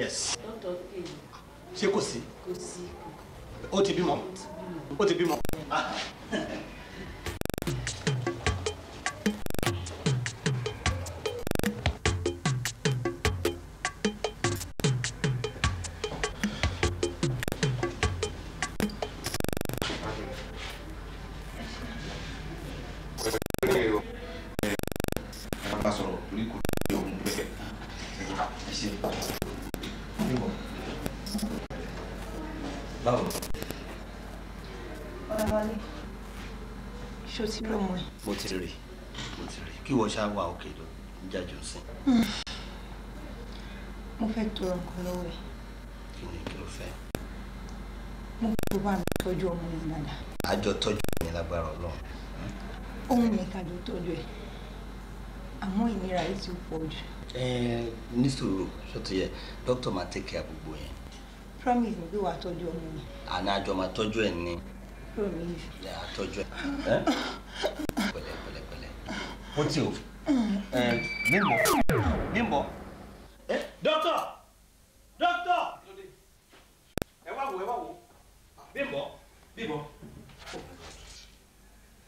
yes. dọ́tọ̀ pè é. ṣé kò sí. O ti bímọ. ó ti bímọ. Ah. ṣáà wà òkè ló ń jájọ sí. mo fẹ́ tọrọ nǹkan lọ́wọ́ ẹ̀. kí ni kí ló fẹ́. mo fẹ́ bá mi tọ́jú ọmọ mi dáadáa. àjọ tọ́jú mi lágbára ọlọ́run. ohun mi kàjọ tọ́jú ẹ̀ àmọ́ ìnira yìí ti pọ̀ jù. ẹ ní sùúrù yẹ dókítà máa tẹkẹ àgbègbè yẹn. promise mi pé wàá tọ́jú ọmọ mi. àná àjọ máa tọ́jú ẹ̀ ní. promise. àtọ́jú ẹ̀ pẹ̀lẹ́pẹ̀lẹ́pẹ̀lẹ́ bó ti o. Nímbọ̀ Nímbọ̀. eh, eh? Dọ́kítọ̀ ẹ wá wò ẹ wá wò Bímbọ̀ Bímbọ̀.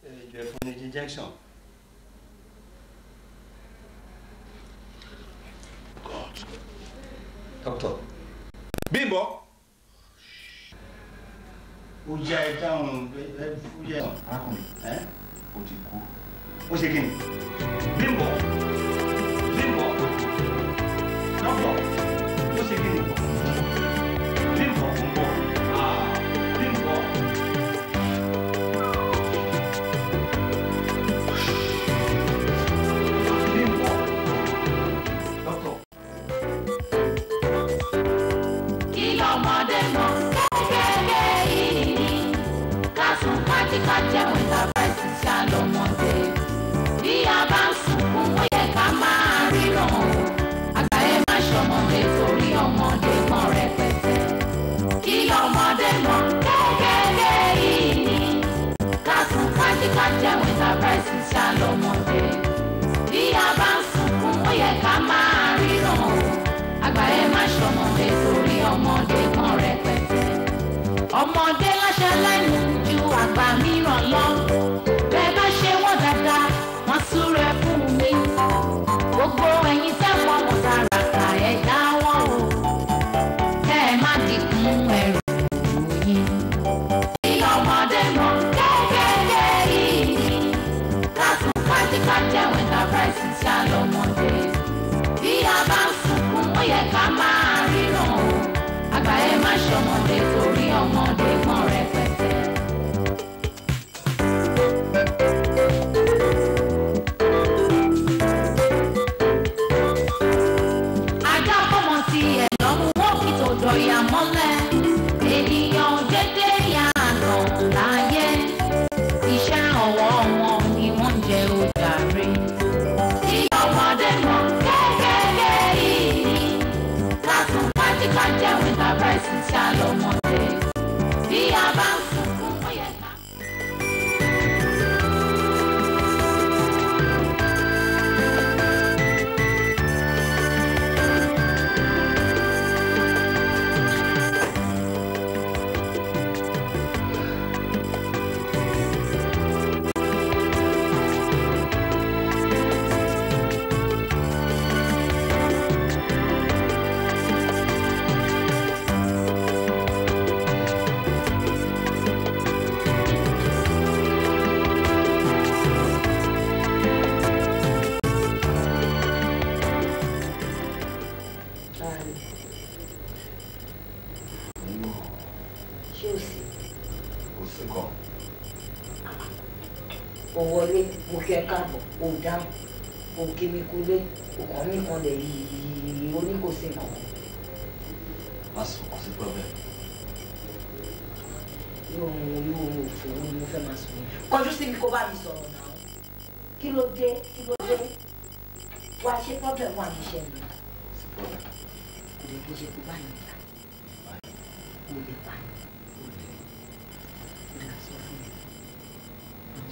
Ìbẹ̀rẹ̀ fún ní injection. God. Dọ́kítọ̀. Bímbọ̀. Ó jẹ́ ẹ dáhùn ẹ fúyẹ́. Arákùnrin, ó ti kú. 我写给你，面伯。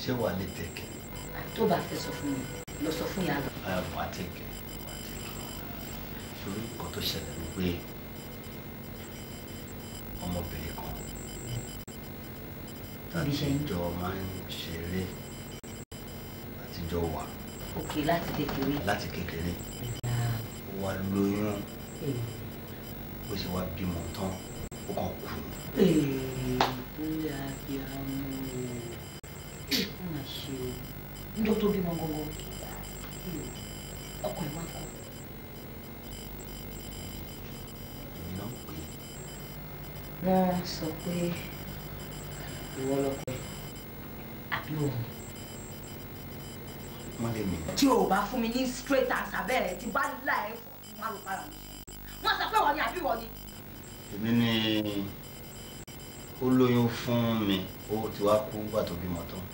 ṣé wà lè tẹ̀kẹ̀. tó bá fẹ́ sọ fún mi lọ sọ fún yàrá. ẹ wà á tẹ̀kẹ̀ wà á tẹ̀kẹ̀ torí nǹkan tó ṣẹlẹ̀ ló pé ọmọbìnrin kan àtijọ́ máa ń ṣeré àtijọ́ wà. òkè láti kékeré. láti kékeré ó wá lóyún ó sì wá bímọ tán ó kàn kú. èèyàn bóyá bí a mú un ó mà ṣe o níjọ́ tó bímọ gbọ́ngàn ọkọ̀ ìwà kọ́. wọ́n sọ pé ìwọ lọ́pẹ́ àbí òun. wọ́n lè tí o bá fún mi ní straight answer bẹ́ẹ̀ tí bá là ẹ̀ wọ́n á lò para mi. wọ́n sọ pé wọ́n ni àbí wọ́n ni. èmi ni ó lóyún fún mi ó ti wá kú gbà tó bímọ tán.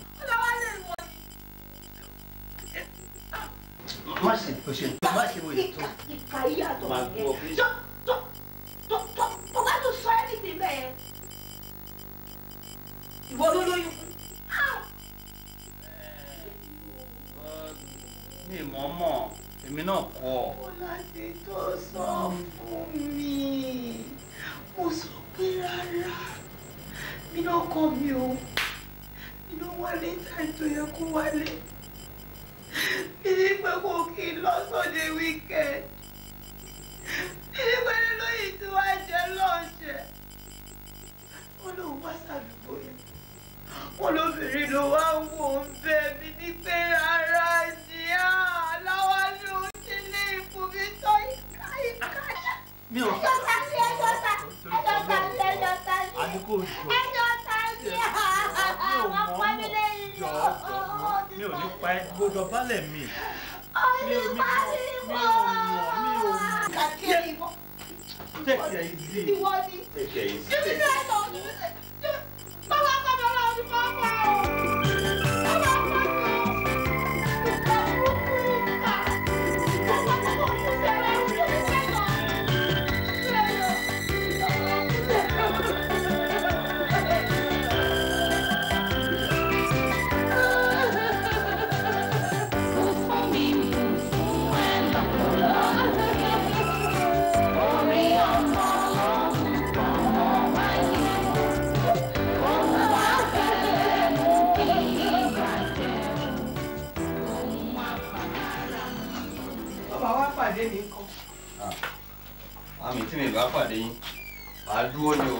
má ṣe bó ṣe tó má ṣe bó ṣe tó. ìka yàtọ̀ yẹn tó tó tó tó tó bá tún sọ ẹ́nìtì bẹ́ẹ̀ ìwọ ló lóyún fún. mi mọ̀ mọ̀ èmi náà kọ́ ọ. mo láti tó sọ fún mi mo sọ pé rárá mi náà kọ́ mi o mi náà wálé táì tó yẹ kó wálé ìdí pé kò kí n lọ sóde wíkẹ́ẹ̀ ìdí pé lóyìn tí wàá jẹ lọ́ọ̀ṣẹ̀ wọn lòun wá sàdúgbò yẹn wọn lóbìnrin ló wá ń wò ó bẹ́ mi ní pé ara ìdíyà aláwájú ti lé ipò mi tọ́ ìka ìka. mi ò. ẹjọ́ ta ni ẹjọ́ ta ni ẹjọ́ ta ni ẹjọ́ ta ni ẹjọ́ ta wọ́n pa mí lẹ́yìn lọ. mi ò ní pa ẹ́ gbọ́dọ̀ bálẹ̀ mi. mi ò ní pa mí mọ́. mi ò mọ̀ mi ò mọ̀. tẹ̀sẹ̀ ìdí. ìwọ ni. tẹ̀sẹ̀ ìdí. bíbí náà lọ bàbá bàbá ọ̀dùnmọ́ bá ọ. bá pàdé yín màá dúró ni o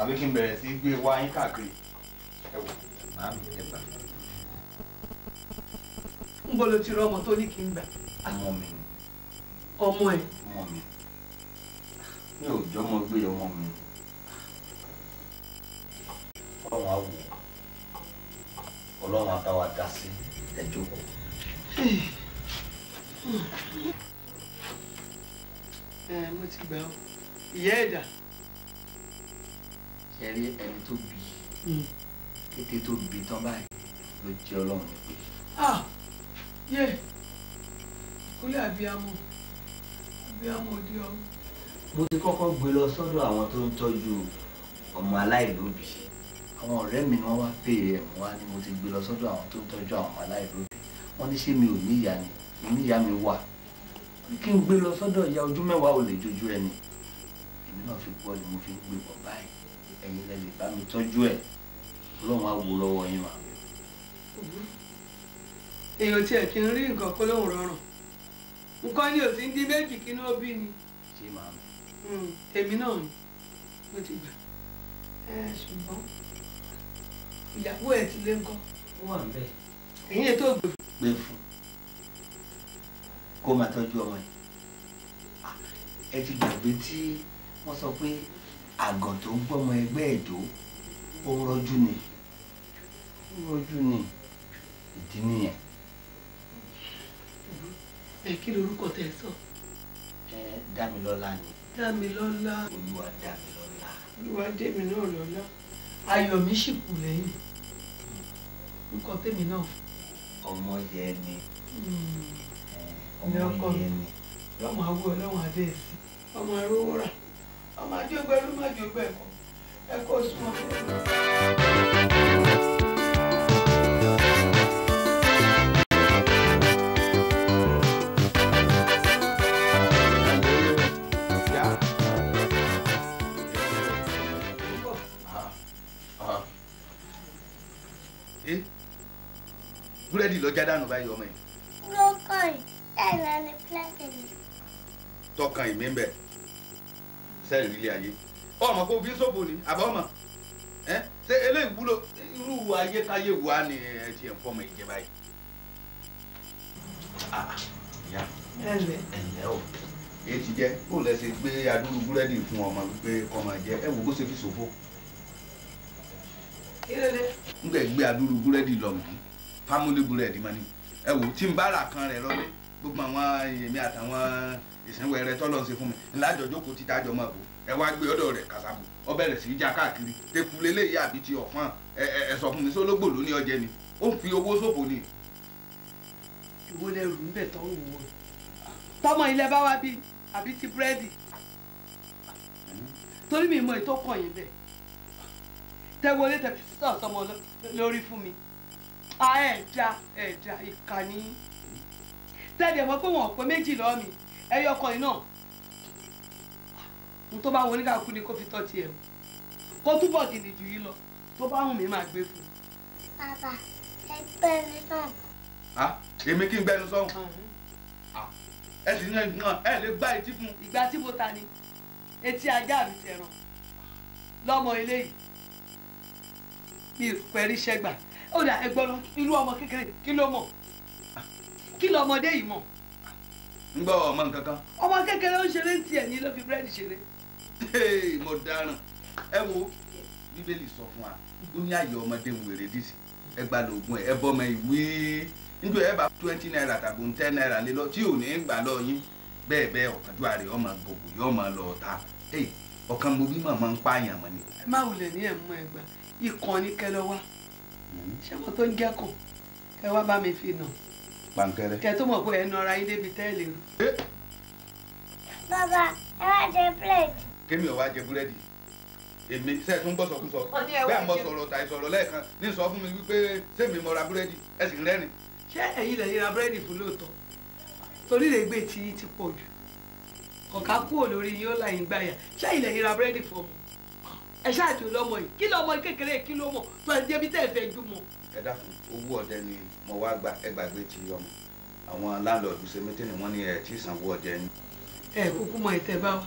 àbí kí n sí gbé wá yín káàkiri ẹ wò ọmọ tó ní kí n gbà. ọmọ mi ọmọ ẹ. ọmọ mi mi ò jọmọ gbé ọmọ mi ọlọ́run ọlọ́run ẹ mo ti gbà ọ ìyá ẹ̀dá. ṣe rí ẹni tó bí hmm. kété tó bí tán báyìí ló jẹ́ ọlọ́run pé. ah yé kúlẹ̀ abiyamọ abiyamọ òde ọ̀hún. mo ti kọ́kọ́ gbé lọ sọ́dọ̀ àwọn tó ń tọ́jú ọmọ aláìlóbi àwọn ọ̀rẹ́ mi ni wọ́n wá pè é ẹ̀mú wá ni mo ti gbé lọ sọ́dọ̀ àwọn tó ń tọ́jú àwọn ọmọ aláìlóbi wọ́n ní ṣé mi ò ní ìyá ni ìníyá mi wà kí n gbé lọ sọ́dọ̀ ìyá ojú mẹ́wàá ò lè jojú ẹni èmi náà fi pọ́ ni mo fi ń gbé bọ̀ báyìí ẹ̀yin lẹ lè bá mi tọ́jú ẹ̀ ọlọ́run á wò lọ́wọ́ yín mà. èèyàn tiẹ̀ kì í rí nǹkan kó lóun rọrùn nǹkan ni ò sí ń dín méjì kí ní ó bí ni. ṣé màá mi. Hmm, èmi náà ni mo ti gbà. ẹ ṣùgbọ́n ìyàwó ẹ̀ ti lé ńkọ́. ó wà ń bẹ̀. èyí ètò ògbè fún. gbé fún kó máa tọ́jú ọmọ yìí ah, ẹ ti gbàgbé tí wọ́n sọ pé àgàn tó ń gbọ́mọ ẹgbẹ́ ẹ̀dọ́ ó rọ́jú ni ó rọ́jú ni ìdí nìyẹn. ẹ kí ni orúkọ tẹ sọ. ẹ Dámilọ́lá ni. Dámilọ́lá. Olúwa Dámilọ́lá. Olúwa dèmi náà lọ́lá ayọ̀ mi sì kù lẹ́yìn nǹkan tèmi náà. ọmọ yẹn ni. Mm ọmọ ọkọ mi lọ́mọ awọ ọlọ́wọ́n adé ẹ̀sìn ọmọ arówó rà ọmọ adéogbé ló má jògbé ẹ̀kọ́ eh? búrẹ́dì lọ já báyìí ọmọ yìí. ló yìí tọkàn ìmí ń bẹ sẹ́ẹ̀rì ilé ayé ọmọ kó bí sóbò ni àbá ọmọ ẹ ṣe eléyìí wúlò irú ayékáyé wa ni ẹ ti ẹ̀ ń fọmọ ìjẹba yìí. Ah, ah, ìyá ẹ̀lẹ́ ẹ̀lẹ́ o èyí ti jẹ́ kó o, ṣe gbé adúrú búrẹ́dì fún ọmọ wípé ọmọ jẹ ẹ wò kó ṣe fi ṣòfò. kí ló dé. n kò gbé adúrú búrẹ́dì lọ mọ̀ fámúlì búrẹ́dì mọ́ ni ẹ wò tí n bá rà kan rẹ̀ lọ́lẹ́ gbogbo àwọn èmi àtàwọn ìsìnwẹrẹ tọ́lọ̀ ń ṣe fún mi ńlájọ jókòó títa àjọ máa bò ẹ wá gbé ọ̀dọ̀ rẹ̀ kàṣàbò ó bẹ̀rẹ̀ sí í já káàkiri teku leléyìí àbí ti ọ̀fọ́n ẹ sọ fún mi sólógbò ló ní ọjẹ́ ni ó ń fi owó ṣòfò ni. ìwọ lẹ rù ń bẹ tọrọ wọn. tọmọ ilẹ̀ bá wa bí àbí ti búrẹ́dì torí mi mọ ètò kàn yín bẹ́ẹ̀ tẹ wọlé tẹ fi sísọ sọmọ lórí fún mi. ẹ̀ já ẹ̀ já ìkànnì tẹ́lẹ̀ mọ́ pé wọ́n pé méjì lọ́ọ́ mi ẹyọ ọkọ yìí náà mo tó bá wọn oníkàkú ni kó fi tọ́ tiẹ̀ o kó túbọ̀ gìnì jù yìí lọ tó bá wùn mí máa gbé fún un. bàbá ẹ gbẹnu sọ̀hún. a èmi kí n gbẹnu sọ̀hún ẹ sì yan ìgbọ̀n ẹ lè gbá etí fún. ìgbà tí mo ta ni etí ajá mi tẹ̀ràn lọ́mọ ilé yìí mi ò pẹ́rí sẹ́gbà ó dà ẹ gbọ́dọ̀ irú ọmọ kékeré kí ló mọ̀ kí lọmọdé yìí mọ̀. ń gbọ́ ọmọ nǹkan kan. ọmọ kékeré ó ń ṣeré ń tiẹ̀ ní ló fi búrẹ́dì ṣeré. mo dáràn ẹ wo bíbélì sọ fún wa ó ní àyè ọmọdé ń wèrè dìsí ẹ gba lóògùn ẹ bọ́ ọmọ ìwé níjọ ẹ bá twenty naira tàbí ten naira lé lọ tí ò ní gbà lọ yín bẹ́ẹ̀ bẹ́ẹ̀ ọ̀kadúrà rẹ̀ ọmọ gbogbo yọ ọmọ lọ ta ọ̀kan mo bí màmá ń pààyàn mọ́ ni. ẹ má wulẹ̀ ní ẹ̀mú ẹgbà ìkànnì kẹlẹ wa hmm. ṣé wọn tó ń jẹ́kùn kẹ wá bá mi fi nà pankẹ́rẹ́. kẹ tó mọ̀ pé ẹnu ara yín débi tẹ́ẹ̀lì o. bàbá ẹ wá jẹ búrẹ́dì. kémi ò wá jẹ búrẹ́dì èmi sẹ́ẹ̀ tún gbọ́sọ̀kúsọ bẹ́ẹ̀ mo sọ̀rọ̀ tàì sọ̀rọ̀ lẹ́ẹ̀kan ní sọ fún mi wípé sẹ́mi mo ra búrẹ́dì ẹ sì ń rẹ́rìn. ṣé ẹ̀yin lè ra búrẹ́dì fún lóòótọ́ torí lè gbé tí ti pọ̀ jù kọ̀ọ̀ká kúrò lórí yín ó là yín gbàyà ṣé ẹ̀yin lè ra búrẹ́dì fún ọmọ ẹ ṣáàjò yìí kí lọmọ kékeré kí ló mọ̀ tó ẹ débi tẹ́ fẹ́ jù mọ́ ẹ dákun owó ọdẹ ni mo wá gba ẹ ti ọmọ àwọn láńlọ́ọ̀dù ṣe mítìnì wọ́n ní ẹ tí ìsanwó ọdẹ ni. ẹ kúkú mọ ìtẹ́ bá wa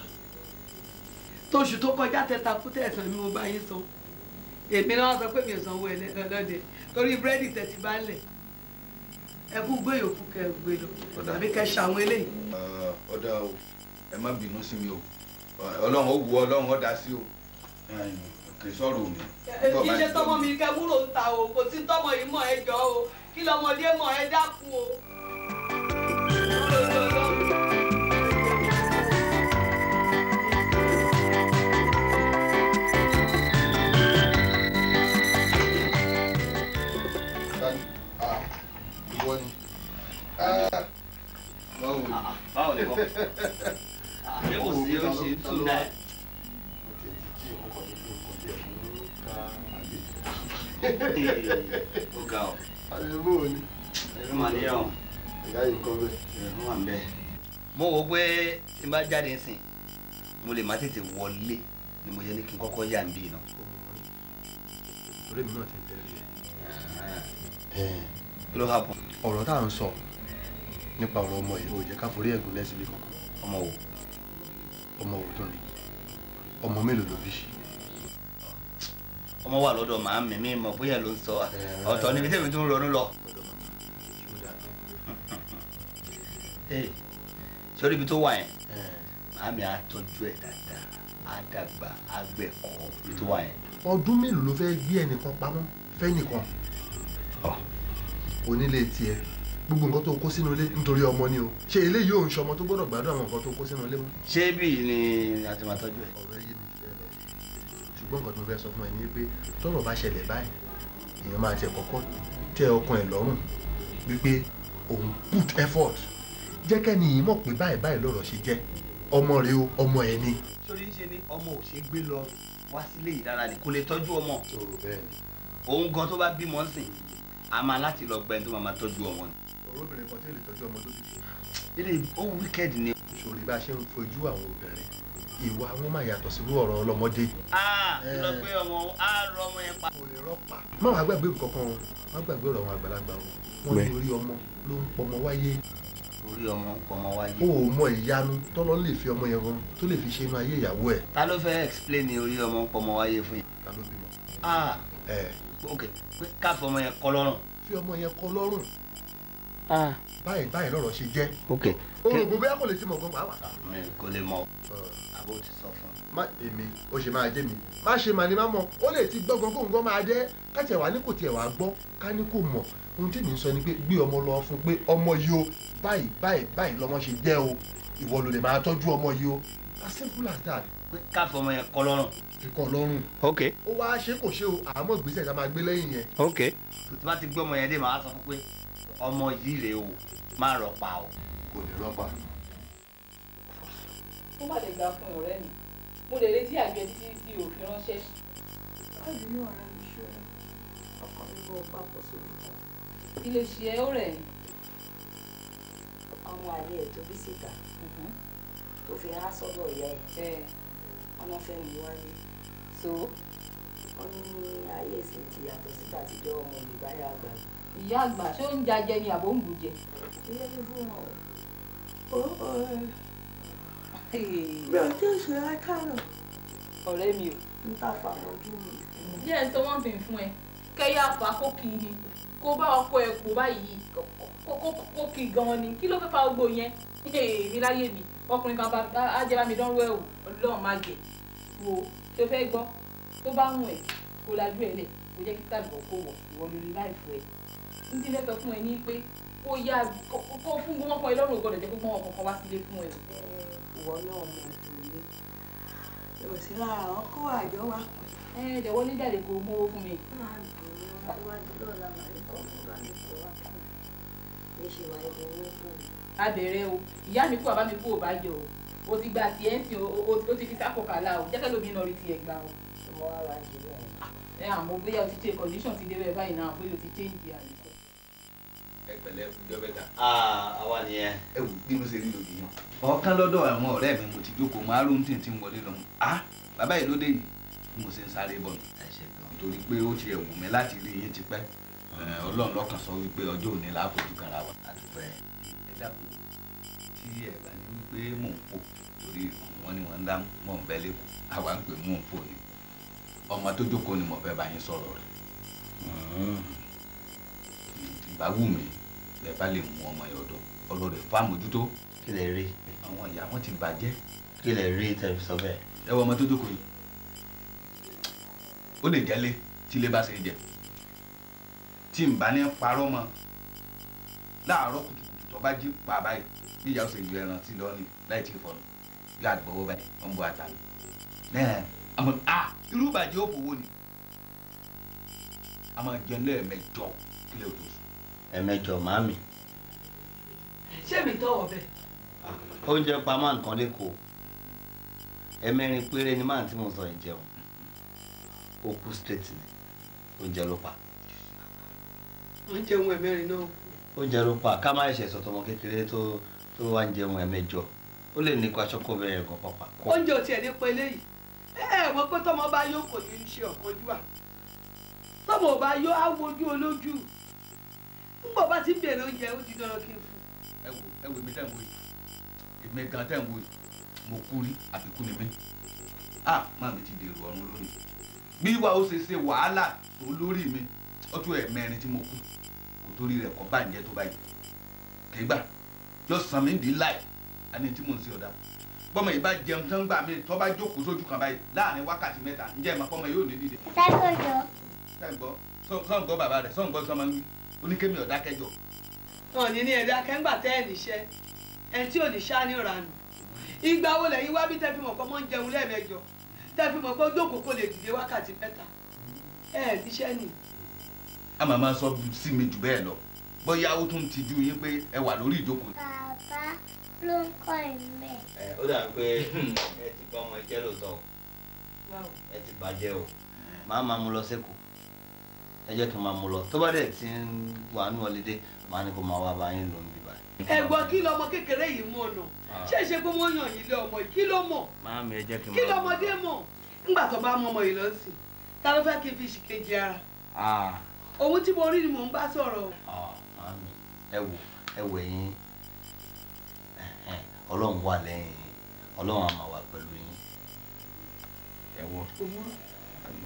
tóṣù tó kọjá tẹta kú tẹ̀sán ni mo bá yín san èmi náà sọ pé mi ò sanwó ẹ lọ́dẹ torí búrẹ́dì tẹ̀sí bá ń ẹ kú gbé yòókù kẹ gbé lọ tàbí kẹ ṣàwọn eléyìí. ọ̀dà ẹ má bínú sí mi o ọlọ́run ó wù ọlọ́run ó dá sí o kì í sọ̀rọ̀ mi. kì í ṣe tọmọ mi kẹ múrò ń ta o kò sí tọmọ yìí mọ̀ ẹ jọ o kí lọmọdé mọ̀ ẹ dákun o. bá jáde sìn mo lè má tètè wọlé ni mo yẹ ní kí n kọ́kọ́ yà ń bí iná. olómi náà ti bẹ̀rẹ̀ rẹ̀. kí ló hapun. ọ̀rọ̀ tá à ń sọ nípa ọ̀rọ̀ ọmọ yìí ò jẹ́ ká forí ẹ̀gún lẹ́sìbí kankan. ọmọ wo ọmọ wo tó ni ọmọ mélòó ló bí. ọmọ wà lọ́dọ̀ màá mi mi mọ̀ bóyá ló ń sọ ọ̀tọ̀ níbi tẹ́mi tó ń ronú lọ. sórí ibi tó wà yẹn àmì àtọ́jú ẹ̀ dáadáa àdàgbà àgbẹ̀kọ́ tó wà yẹn. ọdún mélòó ló fẹ́ẹ́ gbé ẹnìkan pamọ́ fẹ́nìkan onílé tiẹ̀ gbogbo nǹkan tó kó sínú ilé nítorí ọmọ ni o ṣé eléyìí ò ń ṣọmọ tó gbọ́dọ̀ gbádùn àwọn nǹkan tó kó sínú ilé mọ́. ṣé bí ni a ti máa tọ́jú ẹ̀. ọ̀rọ̀ ẹyẹ mi fẹ́ lọ ṣùgbọ́n nǹkan tí mo fẹ́ sọ fún ẹ ni pé tọ́rọ̀ bá ṣẹlẹ̀ báyìí èèyàn máa tiẹ̀ kọ́kọ́ tẹ ọkàn ẹ̀ lọ́rùn wípé òun put effort jẹ́ kẹ́ni pé báyìí báyìí lọ́rọ̀ ṣe jẹ́ ọmọ rẹ o ọmọ ẹ ni. torí ṣe ni ọmọ ò ṣe gbé lọ wá sílé ìdára ni kò lè tọ́jú ọmọ. tòrò bẹ́ẹ̀ ni. òun gan tó bá bímọ ń sìn a máa láti lọ gbẹ́ni tó máa máa tọ́jú ọmọ ni. olóbìnrin kan tí ò lè tọ́jú ọmọ tó ti tó. eré ó wíkẹ́ẹ̀dì ni. sori bá a ṣe ń fojú àwọn obìnrin ìwà wọn máa yàtọ̀ sí irú ọ̀rọ̀ ọlọ́mọdé. lọ pé ọmọ á rọ ọmọ yẹn pa. kò lè rọ pa. má wàá gbàgbé nǹkan kan o má gbàgbé ọ̀rọ̀ àwọn àgbàlagbà o wọ́n ní orí ọmọ ló ń pọmọ wáyé orí ọmọ ń kọ ọmọ wáyé. o ò mọ ìyanu tọ́lọ́ lè fi ọmọ yẹn gan tó lè fi ṣe inú ayé ìyàwó ẹ̀. ta ló fẹ́ explain orí ọmọ kọ ọmọ wáyé fún yẹn. ta ló bímọ. ah ẹ ok ká fi ọmọ yẹn kọ lọ́rùn. fi ọmọ yẹn kọ lọ́rùn. ah báyìí báyìí lọ́rọ̀ ṣe jẹ́. ok oògùn bẹ́ẹ̀ kò lè ti mọ̀ gan wàá wà. mi kò lè mọ àbó ti sọ fún má èmi ó ṣe máa jẹ́ mi má ṣe màní má mọ̀ ó lè ti gbọ́ngàn kó nǹkan máa jẹ́ káṣẹ̀ wá ní kò tiẹ̀ wá gbọ́ ká ní kò mọ̀ ohun tí mi ń sọ ni pé gbé ọmọ lọ fún pé ọmọ yìí o báyìí báyìí báyìí lọ́mọ ṣe jẹ́ o ìwọ ló lè máa tọ́jú ọmọ yìí o as simple as that. pé káfí ọmọ yẹn kọ́ lọ́rùn. ikọ̀ lọ́rùn. ok. ó wá ṣe kò ṣe o àmọ́ ìgbésẹ̀ tá a máa gbé lẹ́yìn yẹn. ok. tòtí bá ti gbé ọmọ yẹn dé màá sọ fún pé ọmọ yìí rèé o má rọpa o. kò ní rọpa. mo má lè gbà fún ọ̀rẹ́ mi mo lè retí àgbẹ̀ títí tí òfin ránṣẹ́ sí. báyìí ní ọ̀rẹ́ mi ṣe ọkọ̀ mi bọ̀ papọ̀ sórí kan. ilé ṣe é ó rẹ̀ yìí mú alẹ́ ẹ̀ tó bí síta tó fi há sọ́dọ̀ ìyá ẹ̀ ọ̀nà fẹ́ mú wálé. so wọ́n ní ayé ìsìn ti yàtọ̀ síta àtijọ́ ọmọ olùbáyà àgbà. ìyá àgbà ṣé ó ń jajẹ ni àbò ń bùjẹ. ilé ní fún wọn o mi ò tí ì ṣe àkàrà. ọ̀rẹ́ mi o. n ta fàmọ́jú mi. díẹ̀ sọ wọ́n fi fún ẹ kẹ́yà pa kó kì í kó bá ọkọ ẹ̀ kó báyìí ó kì gan-an ni kí ló fẹ́ fa gbogbo yẹn ní láyé mi ọkùnrin kan ajẹ́bá mi dánwó ẹ̀ o ọlọ́run má jẹ wo tó fẹ́ gbọ́ tó bá mú ẹ̀ kó lajú ẹ̀ lẹ̀ kó jẹ́ kí tàbí kó wọ̀ ìwọ lórí láìfọ ẹ̀ ní ti lẹ́fẹ̀ẹ́ fún ẹ ní pé kó yá kó fún gbọ́n ọkọ ẹ lọ́rùn ògbọ́dọ̀ jẹ́ gbọ́n ọkọ kan wá sílé fún ẹ. ìwọ náà mọ̀ nítorí kò sí lára kó àjọ wa pọ̀. ẹ jọ̀wọ́ nídàlẹ́ kó mówó fún mi. máa dùn ún wájú lọ́la màá ní kọ́ ọmọ bá mi wá fún mi èsì ìwà ẹ̀jẹ̀ ní kú. a bẹ̀rẹ̀ o ìyá mi kú bàbá mi kú ò bá jẹ o o ti gba tiẹ̀ ń sìn o ti fi sáko o jẹ́kẹ́ lómi náà rí tiẹ̀ gbà o. mo wá wá jù lọ. ẹ àmọ́ bóyá o ti ṣe condition ti débẹ̀ báyìí náà bóyá o ti ṣe ìdí àlùkò. ẹ pẹ̀lẹ́ ìjọ mẹ́ta. àwa nìyẹn ẹ wò bí mo ṣe rí lòdì yàn. ọ̀kan lọ́dọ̀ àwọn ọ̀rẹ́ mi mo ti jókòó máa rún tìǹtì wọlé lọ́hùn. ah bàbá yìí ló dé yìí mo ṣe ń sáré bọ̀ pé Eh, ọlọ́run lọ́kàn sọ wípé ọjọ́ òní la fojú kan ra wa àti fẹ́ ẹ dàpọ̀ tí ẹ bá ní wípé mò ń pò torí wọn ni wọn ń dá mọ̀ ń bẹ́ lẹ́kọ̀ọ́ àwa ń pè mò ń pò ni ọmọ tó jókòó ni mo fẹ́ bá yín sọ̀rọ̀ rẹ̀ ìbá hmm. wù mí lẹ bá lè mú ọmọ yẹn ọ̀dọ̀ ọ̀dọ̀ rẹ̀ fún àmójútó. kí lè rí. àwọn ìyá wọn ti bàjẹ́. kí lè rí tẹ̀lé sọ bẹ́ẹ̀. ẹ wọ ọmọ tó jókòó yìí ó lè jẹ́lé tí ilé bá ṣe jẹ́ tí n bá ní parọ́ mọ́ láàárọ̀ kùtùkùtù tó bá jí pa báyìí níyàwó sì ju ẹran sí lọ́ọ̀nì láì tí ì fọ́nù yóò àgbọ̀wọ́ báyìí ó ń bọ ata mi. àmọ́ a ah, irú ìbàjẹ́ ó fowó ni a máa jẹun lẹ́ẹ̀mẹjọ kí lè tó sùn. ẹ̀mẹjọ màámi. ṣé mi tọwọ bẹ. oúnjẹ pamọ́ nǹkan lẹ́kọ̀ọ́ ẹ̀mẹrin péré ni máà tí mo sọ ìjẹun ó kú straight ni oúnjẹ ló pa wọ́n jẹun ẹ̀mẹ́rin náà. ó jẹrun pa ká má ṣe sọ̀tọ̀ ọmọ kékeré tó tó wá ń jẹun ẹ̀mẹ́jọ ó lè ní kó aṣọ kó bẹ̀rẹ̀ ẹ̀kọ́ pàpà. oúnjẹ ò tiẹ̀ ní pẹ́ léyìí ẹ ẹ mọ̀ pé tọmọ bá yó kò ní í ṣe ọ̀kánjúwà tọmọ ò bá yó á wojú olójú nígbà bá ti bẹ̀rẹ̀ oúnjẹ ó di dandan kí n fún. ẹ wo ẹ wo èmi dẹ́wọ̀ yìí èmi gan dẹ́wọ̀ yìí mo kú ní àfikún ni mí ah máa mi ti dèrò ọ̀run lónìí bí wàá ó ṣe ṣe wàhálà tó lórí mi ó tó ẹ̀mẹrin tí mo kú kò torí rẹ̀ kọ́ bàǹjẹ́ tó báyìí kégbà yọ sàn mí dìí láì àní tí mo ń ṣe ọ̀dà bọ́mọ yìí bá jẹun tán gbà mí tọ́ bá jókòó sójú kan báyìí láàrin wákàtí mẹ́ta ǹjẹ́ ìmọ̀ pọ́mọ yóò ní dìde. dákọ̀jọ. sọ̀ǹgbọ́ sọ̀ǹgbọ́ bàbá rẹ̀ sọ̀ǹgbọ́ sọmọ ń wí oníkémi ọ̀dà kẹjọ. wọn ní ní ẹ̀dá kẹ́ńgbà tẹ́ ẹ̀ níṣẹ́ ẹ̀ tí ò ní ṣá ní ìranù ìgbà wo lẹ́yìn wá bí tẹ́ fi a máa máa sọ sí mi jù bẹ́ẹ̀ lọ bóyá ó tún ti ju yín pé ẹ wà lórí ìjókòó. bàbá ló ń kọ́ ìmẹ̀. ẹ ó dàbí pé hmm, ẹ ti bá ọmọ ẹjẹ lóòótọ́ ẹ ti bàjẹ́ o màá máa mú lọ sẹ́kọ̀ọ́ ẹ jẹ́ kí n máa mú lọ tó bá dẹ̀ ti ń wà ní ọ̀lẹ́dẹ́ màá ní kó máa wá bá yín lò ń bíbá. ẹ gbọ́ kí lọmọ kékeré yìí mọ̀ nà ah. ṣé ṣe pé wọ́n yàn yín lé ọmọ yìí kí ló mọ̀ kí lọmọdé mọ̀ ńgbà tó bá mọ ọmọ yìí lọ sí ta ló fẹ́ kí n fi ṣìkejì ara. Ah òun tí mo rí ni mò ń bá sọ̀rọ̀. ẹ wò ẹ wò yín ọlọ́run wà lẹ́yìn yín ọlọ́run àmà wà pẹ̀lú yín ẹ wò.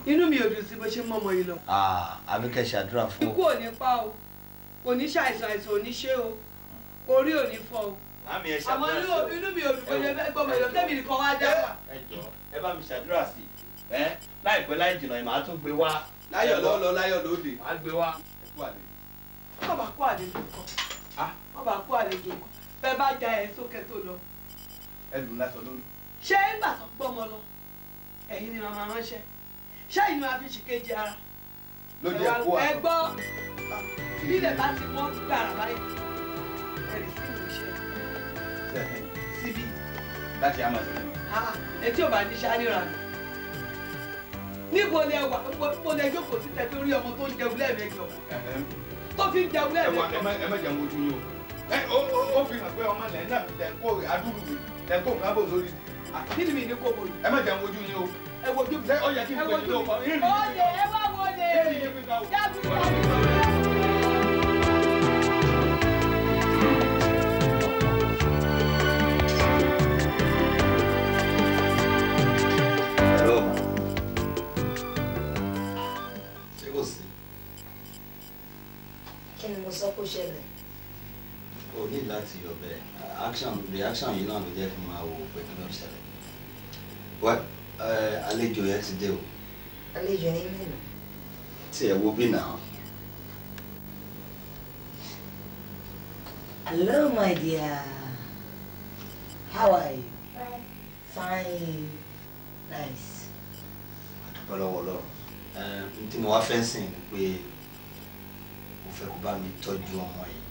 inú mi ò dùn sí bó ṣe mọ́ ọmọ yìí lọ. àbí kẹ́ ṣàdúrà fún. ikú ò ní pa o kò ní ṣàìsàn àìsàn ò ní ṣe o orí ò ní fọ́ o àmì ẹ ṣàdúrà sí o àmọ́ inú mi ò dùn bó ṣe fẹ́ gbọ́ ọmọ yìí lọ tẹ́mi nìkan wá dá wà. ẹ jọ ẹ bá mi ṣàdúrà sí i láìpẹ́ láì jìnnà ìmọ̀ á tún gbé láyọ̀ lọ́ lọ láyọ̀ lóde. a gbé wa. wọ́n bá kó àlejò kan wọ́n bá kó àlejò kan bẹ́ẹ̀ bá ja ẹ̀ sókè tó lọ. ẹ lù ú lásán lórí. ṣé ìgbà tó gbọ́mọ lọ ẹ̀yin ni màmá ránṣẹ́ ṣé ìnú àfiṣì kejì ara. lóde ẹ̀kú àná. ẹ gbọ́ ah, bílẹ̀ bá ti mọ́ gbàrà báyìí ẹ̀rì sí ìlú iṣẹ́. síbí. láti amazon. etí ah, ò bá ní sáré ra ni níbo ni ẹwà níbo ni ẹjọ́ kò sí tẹ̀tẹ̀ orí ọmọ tó ń jẹun lẹ́ẹ̀mẹjọ tó fi ń jẹun lẹ́ẹ̀mẹjọ. ẹ má jẹun ojú yín o ó fi hàn pé ọmọ lẹ́yìn náà lẹ́ kó adúlù mi lẹ́ kó nǹkan bò lórí. Ah, kí ni mi ní kó bòlù. ẹ má jẹun ojú yín o. ẹ wojú mi ẹ wojú mi ó yẹ ẹ wá wọlé jágbe jágbe. sọ kó ṣẹlẹ̀. o ní láti yọ bẹ́ẹ̀ action reaction yìí náà ló jẹ́ kí n máa wo pé kí ló ṣẹlẹ̀ wẹ àlejò yẹn ti dé o. àlejò yẹn mẹ́rin. tí ẹ wo bí náà. hello my dear how are you. fine nice. àdúgbò lọ́wọ́ lọ́wọ́ n tí mo wá fẹ́ sìn ni pé fẹ́ kó bá mi tọ́jú ọmọ yìí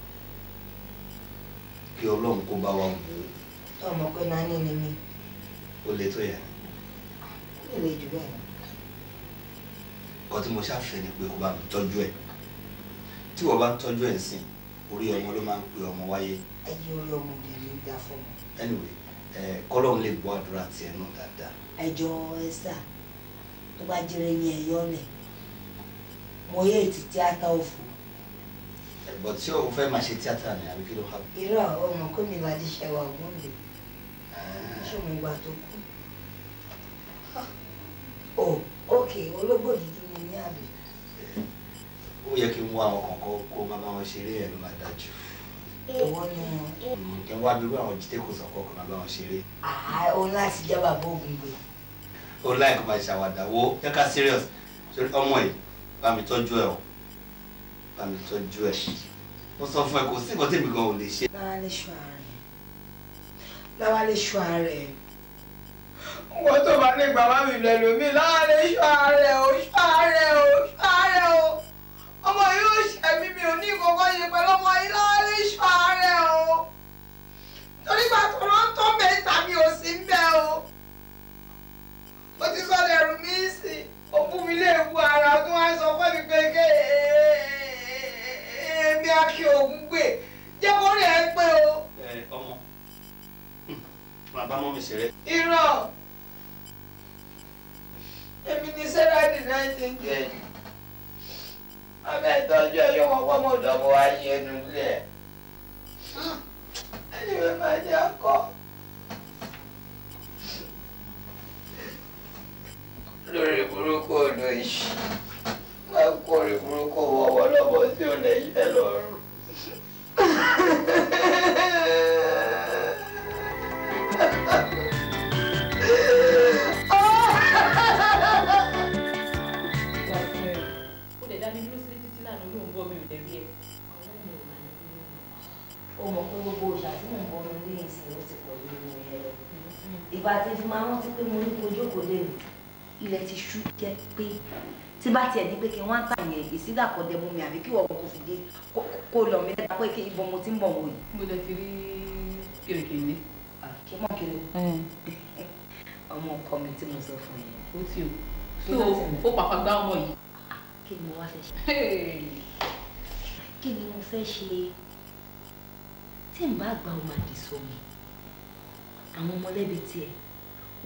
kí ọlọ́run kó bá wa wò ó. ọmọ pé nání ni mi. ó le tó yẹ. ó le jù bẹ́ẹ̀ lọ. nǹkan tí mo ṣàfihàn ni pé kó bá mi tọ́jú ẹ̀ tí wọ́n bá ń tọ́jú ẹ̀ sí orí ọmọ ló máa ń pe ọmọ wáyé. ẹyin orí ọmọ lè ní dá fún mi. anyway kọ́lọ́run lè gbọ́ àdúrà tiẹ̀ náà dáadáa. ẹjọ ẹsà tó bá jẹrẹ yẹn ẹyọ lẹ mo yẹ ètí tíátà òfò but sio òun fẹ́ máa ni àbí kí ló fà. irọ́ ni kò ní ìwádìí sio ògùn mi ah. ṣùgbọ́n ìgbà tó ah. o oh, ok ológbò ni ní àbí. ó yẹ kí n wá àwọn kọ̀ọ̀kan kó má bá wọn ṣeré ẹ̀ ló máa dájú. ìwọ ni wọn. Mm, kí n wá bíbú àwọn jíde kò sọ̀kọ̀ kó má bá wọn ṣeré. òun ah, láti jẹ́ bàbá ògùn gbé. òun láì kó máa ṣàwàdà wo jẹ́ ká serious ọmọ yìí bá mi tọ́jú ẹ̀ o bá mi tọ́jú ẹ̀ mo sọ fún ẹ kò sí nǹkan tèmi gan ò lè ṣe. láwa lè ṣọ́ ààrẹ láwa lè ṣọ́ ààrẹ wọ́n tó bá lè gbà bá mi lẹ́nu mi láwa lè ṣọ́ ààrẹ o ṣọ́ ààrẹ o ṣọ́ ààrẹ o ọmọ yìí ó ṣe mí mi ò ní ìkọ̀kọ̀ ṣe pẹ̀lú ọmọ yìí láwa lè ṣọ́ ààrẹ o torí bàtò rántọ́ mẹ́ta mi ò sí bẹ́ o mo ti sọ lẹ́rù mi sí òkú mi lè wu ara tó wá sọ fún mi pé kéèké èmi àti ògùn gbé jẹ́ kó rí ẹ pé o. ẹ ọmọ màá hmm, bá mọ́ mi ṣeré. irọ́ èmi ni sarah di nineteen ten abẹ́ ìtọ́jú ẹ yóò wọ́pọ̀ mọ́ ọ̀dọ́mọ wa yé ẹnu lẹ̀ ẹni wẹ́ẹ́ máa jẹ́ akọ. lórí burúkú odò yìí. tiẹ̀ di pé kí wọ́n ń tà yẹn ìsídà mi àbí kí wọ́n kò fi dé kó lọ mi lẹ́ta pé ibọ̀ mo ti ń bọ̀ wò yìí. mo lè ti rí kèrèkè ilé. ṣé mọ̀ kéré mm. ọmọ ọkọ mi tí mo sọ fún yẹn. ó ti o so ó pàpà gbá ọmọ yìí. kí ni mo wá fẹ́ ṣe. kí ni mo fẹ́ ṣe tí n bá gba ọmọ àdìsọ mi àwọn ọmọlẹ́bí tiẹ̀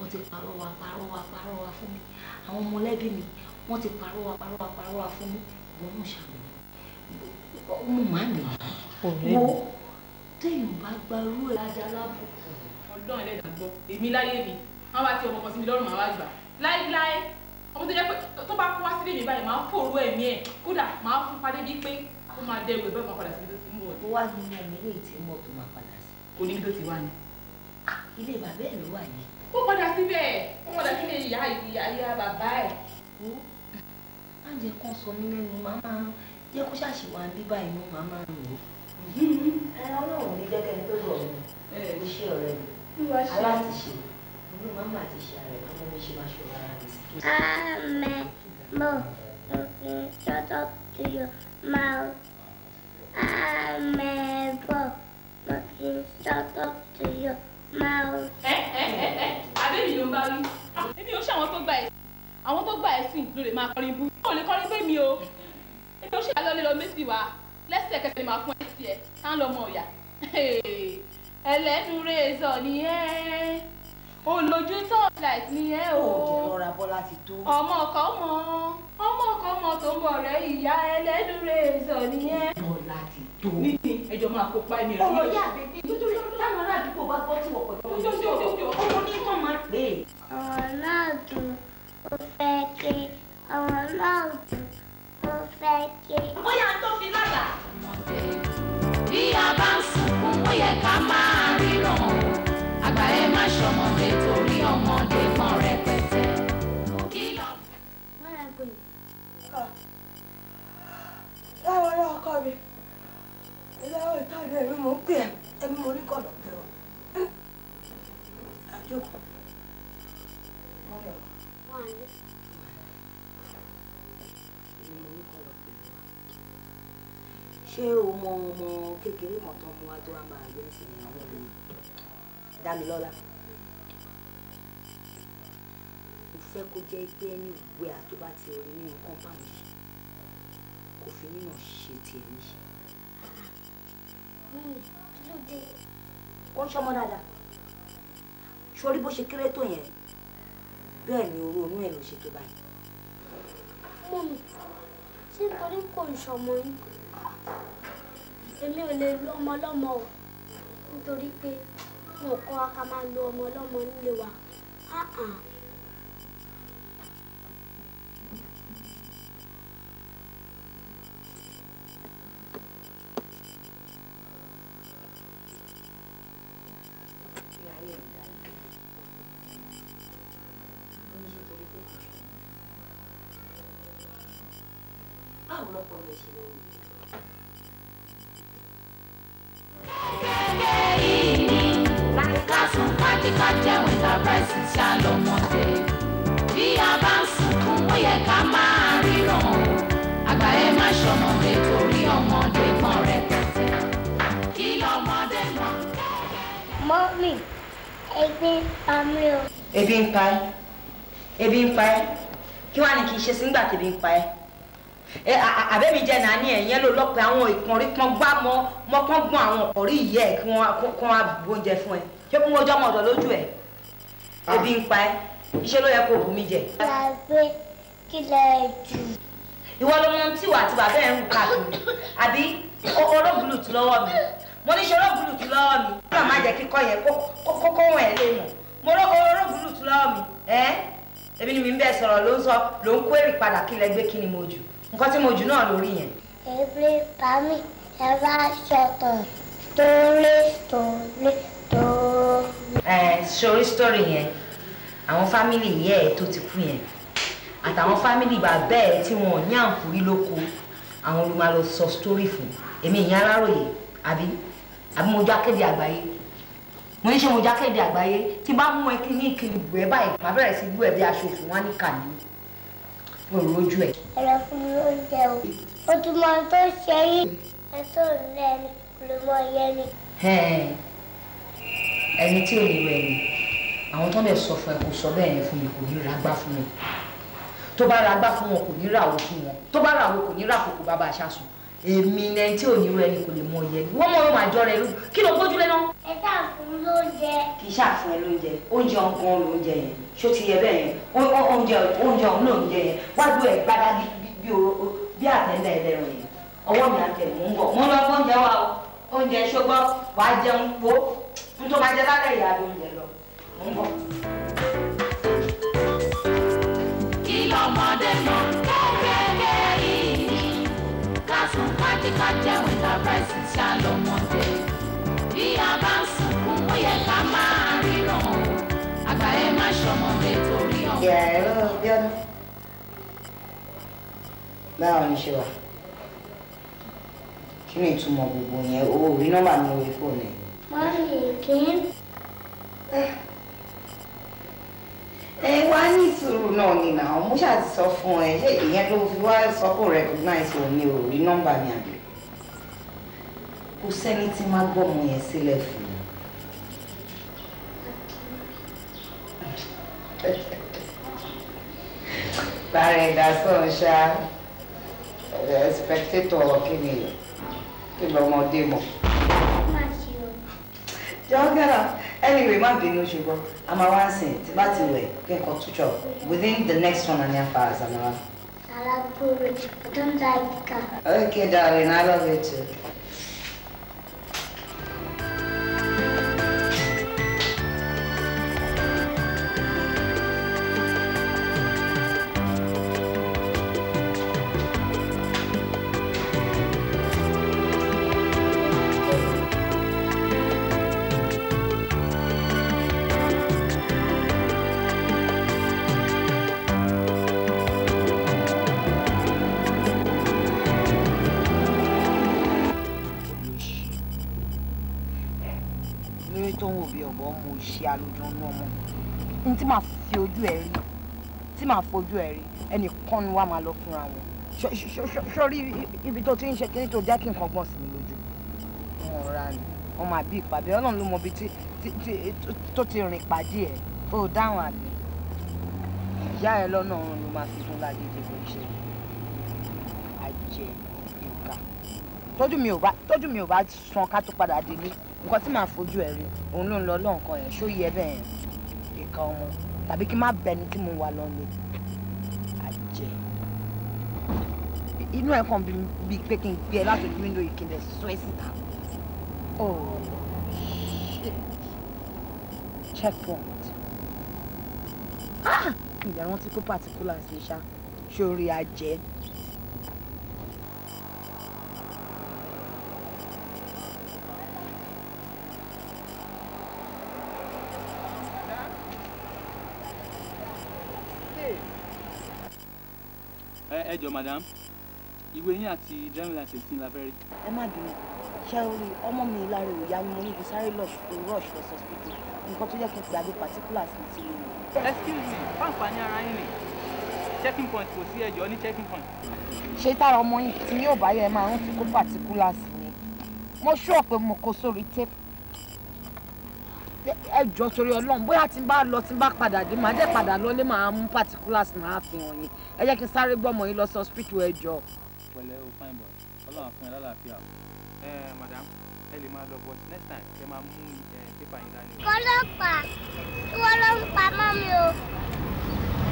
wọ́n ti parọ́ wa parọ́ wa parọ́ wa fún mi àwọn ọmọlẹ́bí mi wọ́n ti pàrọwà pàrọwà pàrọwà fún mi wọ́n mú ṣàmì ọmọ màá mi wo téèyàn bá gbarú ẹ̀ ajá lábùkù. ọdún ẹ̀rẹ́ ìdàgbọ́ èmi láyé mi wọ́n bá ti ọmọ kan sí mi lọ́rùn màá wá gbà láíláí ọmọ tó jẹ́ pé tó bá kó wá sílé mi báyìí màá fòrò ẹ̀mí ẹ̀ kódà màá fún padà bíi pé ó máa dẹrù ẹ̀ bẹ́ẹ̀ máa padà sí ibi tó ti mú ọ. ó wá ní ilé mi ilé ìtì mọ́ tó máa padà sí. kò ní ibi tó ti wá ni. ilé bàbá ẹ̀ ló wà yẹn. ó padà síbẹ̀ ó padà sílé ìyá ìyá bàbá ẹ̀ má jẹ́ kó sọ mí lẹ́nu màmá jẹ́ kó ṣàṣì bí báyìí mọ́ màmá rò ó. ẹ ọlọ́run mi jẹ́ kẹ́ni tó bọ̀ mí mo ṣe ọ̀rẹ́ mi aláàtìṣe olú màmá àti ṣe ààrẹ màmá mi ṣe máa ṣọra ara mi sí kí. àmẹ́ mo shut up to your mouth. àmẹ́ bọ̀ mo kì í shut up ẹ ẹ ẹ ẹ abẹ́mi ló ń bá wí. èmi ò ṣàwọn tó gba ẹ̀sìn àwọn tó gbà ẹ̀sìn ló lè máa kọrin bú kò lè kọrin bẹ́ẹ̀ mi o èmi ò ṣe àlọ́ lílọ méjì wá lẹ́sẹ̀kẹsẹ̀ máa fún ẹ̀sìn ẹ̀ tá ń lọ ọmọ ọ̀yà ẹlẹ́nu rẹ̀ẹ́zọ̀ ni ẹ́ olójú tọ́ọ̀láìt ni ẹ́ o ọmọ ọkọ mọ ọmọ ọkọ mọ tó ń bọ̀ rẹ̀ ìyá ẹlẹ́nu rẹ̀ẹ́zọ̀ ni ẹ́. níbi ẹjọ́ máa kópa ẹ̀mí rẹ̀. ọ̀rọ̀ yà bèbí táwọn ará àdúgbò bá gbọ́ tí wọ́n pẹ̀lú ọmọ ní kàn máa pè é. ọ̀làdùn mo fẹ́ kí ọmọ náà dùn mo fẹ́ kí. ó yà tó fi lágbàá. bí a bá ń sunkún ó yẹ ká máa ríran o àgbà ẹ má ṣọmọdé torí ọmọdé mọ́ rẹpẹtẹ. láwọn náà kọ́ mi ìlọ́wọ́ ìtọ́jú ẹ̀mí mò ń pè ẹ̀ ẹ̀mí mo ní kọ̀dọ̀ pẹ̀lú àjọkọ̀ ayé. ṣé o ọmọ kékeré kan mú wa tó wá máa yẹ sí àwọn ọmọ Dámilọ́lá mo fẹ́ kó jẹ́ pé ẹni ìwé àtúbà ti rí nínú kọ́ńpáàmù kò fi nínú ṣe tiẹ̀ níṣẹ́. Hmm, ó ń ṣọmọ dáadáa sórí bó ṣe kéré tó yẹn bẹ́ẹ̀ ni oró inú ẹ̀ ló ṣe tó báyìí. mọ́mí ṣé nítorí kò ń ṣọmọ yín èmi ò lè lu ọmọ ọlọ́mọ o nítorí pé wọn kọ́ wa ká máa lu ọmọ ọlọ́mọ nílé wa. ká jẹ́ winter prices ṣá lọ́mọdé. bí a bá ń sunkún ó yẹ ká máa ríran ebi ń pa mí ebi ń pa ẹ́ kí wàá ní kí n ṣe sí nígbà tẹ́bi ń pa ẹ́ àbẹ́mi jẹ́ nàá ní ẹ̀yẹ́ ló lọ́pẹ́ àwọn ìkànnì kan gbá mọ́ mọ́kàn gbọ́n àwọn ọ̀rí ìyẹ́ ẹ̀ kí wọ́n kí wọ́n gbóúnjẹ fún ẹ ṣé kí wọ́n jọ́ ọmọdọ̀ lójú ẹ̀ ah. ebi ń pa ẹ́ iṣẹ́ ló yẹ kó bù mí jẹ. gbàgbé kí lẹ jù. ìwọ ló mú tíwà àti bàbá ẹ̀ ń kà kù àbí olóògùn lùtù lọ́wọ́ mi mo ní ṣe olóògùn lùtù lọ́wọ́ mi kó má jẹ́ kíkọ́ yẹn kó kó wọn ẹ̀ lé mọ̀ mo olóògùn lùtù lọ́wọ́ mi ẹ̀ ẹbí ni mi ń bẹ sọ̀rọ̀ ló ń sọ ló ń kó èrè padà kí lẹ gbé kí ni mo jù nǹkan tí mo jù náà lórí yẹn. èébì bá mi ẹ bá ṣọtọ̀ torí torí torí. ẹ sori story yẹn àwọn fámìlì yẹ ẹ tó ti kú yẹn àtàwọn fámìlì bàbá ẹ tí wọn ò ní àǹkúrí lóko àwọn ló máa sọ story fún èmi ìyẹn aláròye àbí àbí mo jákèjì àgbáyé mo ní ṣe mo jákèjì àgbáyé tí bá mú ẹ kí ní ìkìlì bù ẹ báyìí màá bẹ̀rẹ̀ sí gbú ẹ bí aṣòfin wọn ní kàní mo rojú ẹ. ẹ̀rọ fún mi oúnjẹ o ó tún mọ ohun tó ṣe yín ẹ tó lẹ́nu ló mọ iye ni. ẹni tí ò lè wẹ̀ ni àwọn tó lè sọ fún ẹ kò sọ bẹ́ẹ̀ ni fún mi kò ní ra gbá fún mi tó bá ra gbá fún wọn kò ní ra owó fún wọn tó bá ra owó kò ní ra àkókò bàbá aṣáṣùn èmi ni ẹni tí ò ní rẹ ni kò lè mọ iye ni wọ́n mọ̀ ló máa rẹ kí ló gbójúlé náà. ẹ ṣáà fún lóúnjẹ. kì í ṣáà ẹ lóúnjẹ oúnjẹ ọ̀gán lóúnjẹ yẹn ṣó ti yẹ bẹ́ẹ̀ yẹn oúnjẹ oúnjẹ òun náà ń jẹ yẹn wájú ẹ̀ gbádá bí bí àtẹ̀ndà ẹlẹ́rìn yẹn ọwọ́ mi àtẹ̀ mò ń bọ̀ mo lọ fún oúnjẹ wa o oúnjẹ ṣọgbọ́ wàá jẹun po n máa jẹ lálẹ́ ìyá mi oúnjẹ lọ mò ń bọ̀. kí ọmọdé mọ kékeré yìí ká sùn kájíkájẹ́ with our rice ṣá lọ́mọdé bí a bá ń sunkún ó yẹ ká máa ẹ má ṣọmọ rẹ torí ọmọ. ìyá ẹ ló ń bí ọdún. báwo ni ṣe wà kí ni ìtumọ̀ gbogbo yẹn owó orí nọ́mbà ní orí fóònù ẹ̀. mọ́mí kì í. ẹ eh, wá ní ìṣòro náà ni nà ọmú ṣáà ti sọ fún ẹ ṣé ìyẹn ló fi wá sọ kó recognize òun ní orí nọ́mbà ni àbí kò sẹ́ni tí má gbọ́ yẹn sílẹ̀ fún. Bárẹ̀dá sọ̀rọ̀ ṣá spectator kí ni kí lọ́mọdé mọ̀. Jọ́gẹ́rà anyway má bínú ṣùgbọ́n a máa wá sìn tí bá ti wẹ̀ kí nǹkan tújọ within the next one and a half hours àmàlà. I like porridge. I don't like car. Okay, darling, I love you too. n tí màá fi ojú ẹ rí tí màá fojú ẹ rí ẹnìkan ni wàá máa lọ fúnra wọn sọrí ibi tó ti ń ṣe kí ni tó jẹ́ kí nǹkan gbọ̀n sí mi lójú ọ̀ra ni ọmọ àbí ìpàdé ọlọ́run ló mọ ibi tó ti rìn pàdé ẹ̀ tó dáhùn àbí ìyá ẹ lọ́nà ọ̀run ló máa fi fún lágídí kò ṣe àjẹ ìka tójú mi ò bá tójú mi ò bá san ká tó padà délé nǹkan tí màá fojú ẹ rí òun ló ń lọ lọ́nkàn yẹn ṣó yẹ bẹ́ẹ̀ yẹn nǹkan ọmọ tàbí kí n má bẹni tí mo wà lọ́nà àjẹ́ inú ẹ̀ kàn bí pé kí n gbé ẹ láti ojú wíńdò yìí kí síta oh shit checkpoint ah ìdàrán tí kó particulars ní ṣá ṣe orí àjẹ́. ẹ jọ madam ìwé yín àti driving license ni la fẹ́ rí. ẹ má bínú ṣé o rí ọmọ mi lára òòyà ni mo ní sáré lọ rush lọ hospital nǹkan tó yẹ kí n gbàgbé particulars mi ti lè. excuse me fáǹfààní ara yín ni checking point kò sí ẹjọ́ ní checking point. ṣé tára ọmọ yìí tí yóò bá yẹ máa ń fi kó particulars mi mo ṣúọ̀ pé mo kó sórí tape ẹ jọ sórí ọlọ́run bóyá tí n bá lọ tí n bá padà dé màá dẹ̀ padà lọ lé màá mú particulars màá fi hàn yín ẹ jẹ́ kí n sáré gbọ́mọ yín lọ sọ spiritu ẹ jọ. o fine boy ọlọ́run fún ẹ lálàáfíà o. ẹ madam ẹ lè máa lọ but next time ẹ máa mú pépà yín dání. kọlọ́pàá tí wọ́n ló pa mọ́ mi o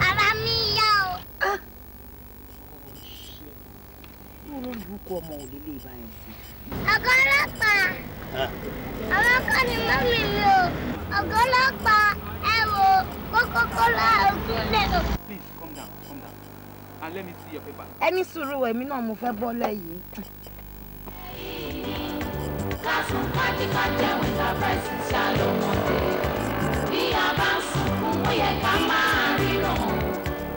ara mi yá o. Ah! olórí burúkú ọmọ ò lè lè bá yẹn sí. ọ̀gá ọlọ́pàá àwọn kan ní mọ́mì mi o ọ̀gá ọlọ́pàá ẹ wo kókókó láàrúkú please calm down calm down and let me see your paper. ẹni sùúrù ẹ̀mí náà mo fẹ́ bọ́ lẹ́yìn. kásùn kájíká jẹun ìtàbá ìsìnṣà lọ́mọdé bí a bá ń sunkún ó yẹ ká máa ríran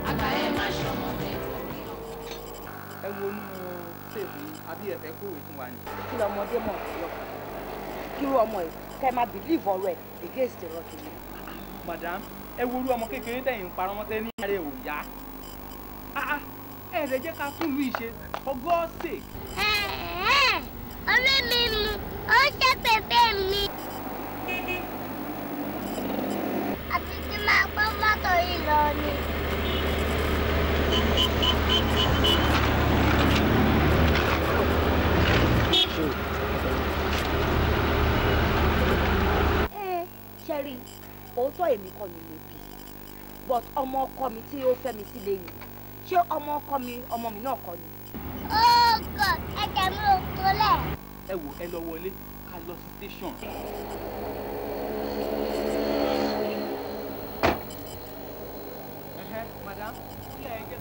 àgbà ẹ má ṣọmọdé torí ọmọ. ẹ wo ni àbí ẹ fẹ́ kúrò fún wa ni. kí lọ ọmọdé mọ̀ sí ọkọ̀ kírú ọmọ ẹ kẹ́ máa bìlíìfù ọ̀rọ̀ ẹ̀ against ọ̀rọ̀ kìíní. madam ẹ wo irú ọmọ kékeré tẹ̀yìn ń parọ́ mọ́tẹ́ ní ààrẹ ò yá ah, ah, ẹ lè jẹ́ ká fún lu ìṣe ọgọ́ọ̀sẹ̀. ọ̀rẹ́ mi mu ó ṣe èmi kọ́ ni mo bí but ọmọ ọkọ mi tí ó fẹ́ mi sílé yìí ṣé ọmọ ọkọ mi ọmọ mi náà kọ́ ni. ó oh gọ ẹ̀jẹ̀ mi ò tólẹ̀. ẹ wò ẹ lọ wọlé ká lọ sí tẹsán. madam ilé ẹ jẹ́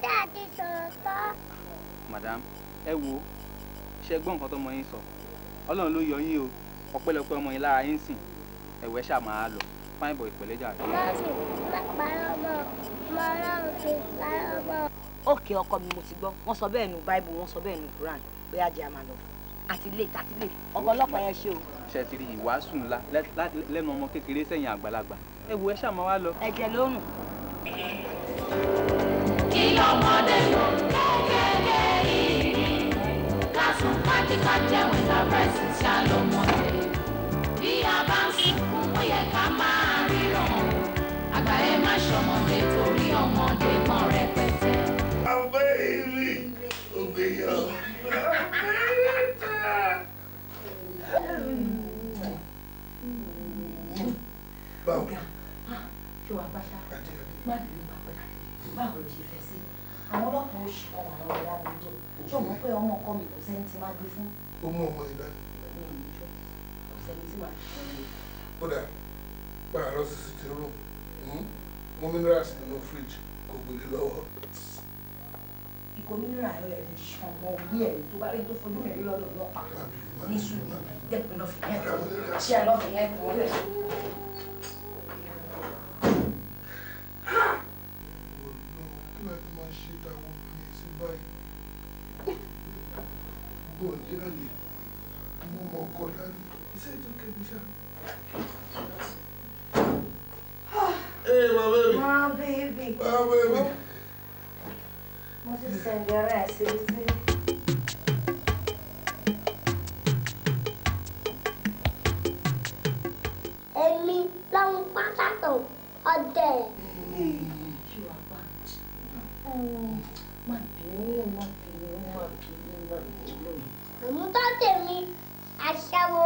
ká lọ. madam ẹ wo ṣe gbọ́ nǹkan tọmọ yín sọ ọlọ́run ló yọ yín o ọpẹ́lọpẹ́ ọmọ yín lára yín sìn ẹ̀wẹ́ ṣáà máa lọ fine boy pẹ̀lẹ́jà. òkè ọkọ mi mo ti gbọ́ wọ́n sọ bẹ́ẹ̀ nu bible wọ́n sọ bẹ́ẹ̀ nu quran bóyá jẹ́ àmà lọ àti lè tàti lè ọkọ ọlọ́pàá yẹn ṣe o. ṣe ti rí ìwàásù ńlá lẹ́nu ọmọ kékeré sẹ́yìn àgbàlagbà ẹ wo ẹ ṣáà máa wá lọ. ẹ̀jẹ̀ ló rùn. kí ọmọdé ló ń kẹ́kẹ́ tí ká jẹun ìtàbẹ̀sì tí a lò mọ̀tẹ́. bí a bá ń sunkún ó yẹ ká máa ríran o àgbáyé má ṣọmọdé torí ọmọdé kan rẹpẹtẹ. àbẹ́ ìrì ògbéyọ̀. báwo. báwo ló ṣe fẹ́ sí àwọn ọlọ́pàá ó ṣe àwọn ọlọ́pàá lójú ṣé o mọ̀ pé ọmọ ọkọ mi kò sẹ́ni tí máa gbé fún. ó mú ọmọ ìdá. kò sẹ́ni tí máa ṣe é. kódà gbàrà lọ sí sí ti rú hmm? mú minerals nínú fridge kò gbèlè lọ́wọ́. ìgò mineral rẹ̀ lè ṣan ọmọ orí ẹ̀ tó bá rí tó fojú rẹ̀ lọ́dọ̀ ọlọ́pàá ní sùúrù dẹ́kun lọ́fìyẹ́ ṣé lọ́fìyẹ́ kò wọlé. Thank you gbọ́ nílàlẹ̀ mo mọ ọkọ dání iṣẹ́ tó kẹ́mi ṣá. Hey, my baby. My baby. My baby. Mo ti sẹ̀ngẹ̀rẹ̀ àti ìdí. Èmi lọ́hùn pátátó ọdẹ. Ṣé wàá bá? Má bẹ̀rẹ̀ má bẹ̀rẹ̀ àmútọ́ tèmi aṣẹ́wó.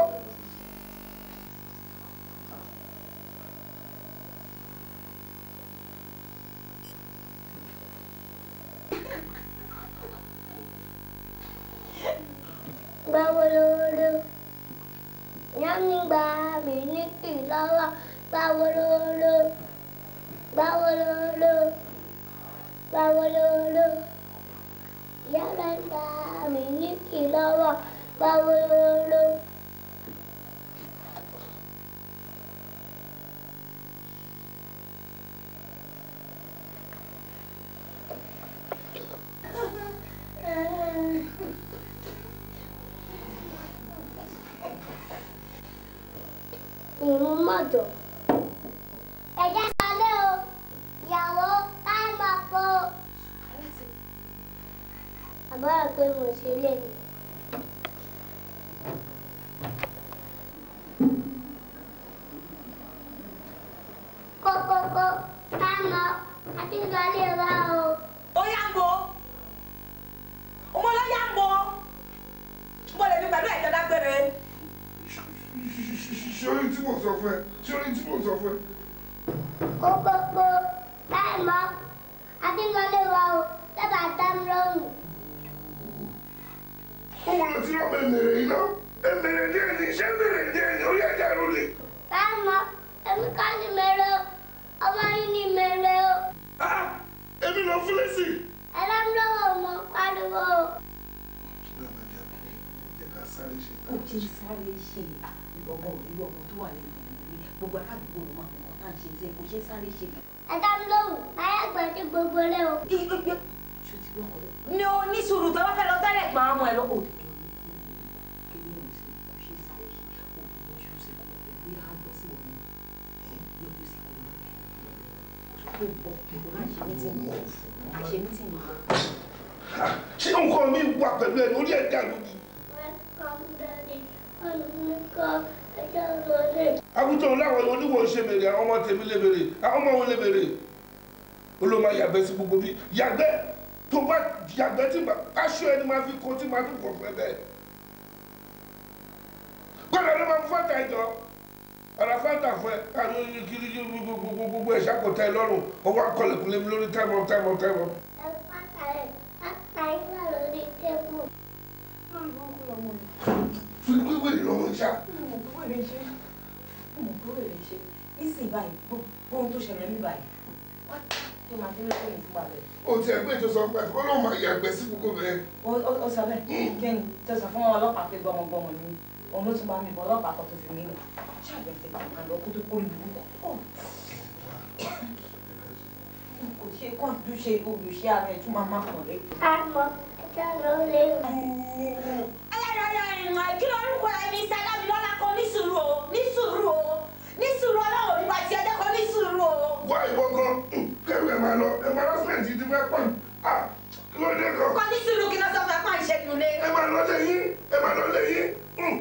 Bawololo, nyamigba mi ní kìlọ́wọ́. Bawololo, bawololo, ジャランダミニキラはバブル ọ̀rọ̀ tó wà lẹ́nu mi gbogbo aládùúgbò ló máa mọ̀ tá à ń ṣe ṣe kò ṣe sáré ṣe. ẹ dá mi lóhùn máyà gbà tí gbogbo rẹ o. ní o ní sùúrù tó bá fẹ́ lọ tẹ́lẹ̀ pa ọmọ ẹ lọ òdòdó ṣé nǹkan mi wà pẹ̀lú ẹ lórí ẹ̀dá lónìí. welcome daddy i'm gonna call akuto láwọn oníwò ń ṣe mèrè àwọn ọmọ tèmi lè mèrè àwọn ọmọ wọn lè mèrè olóma yàgbẹ́ sí gbogbo bí yàgbẹ́ tó bá yàgbẹ́ tí aṣọ ẹni máa fi kó tí máa tún kọ̀ fẹ́ bẹ́ẹ̀ gbọ́dọ̀ ló máa fọ́ta ìjọ ọ̀rọ̀ fọ́ta fún ẹ káàdùn yìí kiri yìí gbogbo ẹ̀ṣá kò tẹ́ ẹ lọ́rùn ọwọ́ akọlẹ̀kùnlé mi lórí time up time up time up. ẹ pàtà ẹ pàtà iná lórí tébù. wíwíwí ìrọ̀rùn ṣáà lè ṣe mo mọ̀ pé ó lè ṣe nísìnyí báyìí ohun tó ṣẹlẹ̀ ní báyìí wá tó máa fi lọ́pọ̀ yìí fún abẹ. o ti ẹgbẹ́ tó sọ pé ó lóun máa yàgbẹ́ sí kókó bẹ́ẹ̀. ó sọ bẹ́ẹ̀ hmm. kí ni tó sọ fún ọlọ́pàá pé gbọmọgbọmọ ni òun ló tún bá mi bọ ọlọ́pàá kan tó fi mí lọ ṣàgbẹ́ ti kà máa lọ kó tó kó lu kò ṣe kó ju ṣe olùṣe ara ẹ̀ tún máa má kàn lé. a mọ kí ló lè wù. ayára ayára ìrìn àjò orúkọ ẹni sáré. wá ìwọ gan kẹrù ẹ máa lọ embarrassment ti fẹ́ pọ̀ kí ló dé gan. kọ́ni sùúrù kí lọ́sọ̀ fẹ́ pa ìṣẹ́ nulẹ̀. ẹ máa lọ lé yín ẹ máa lọ lé yín. Hmm.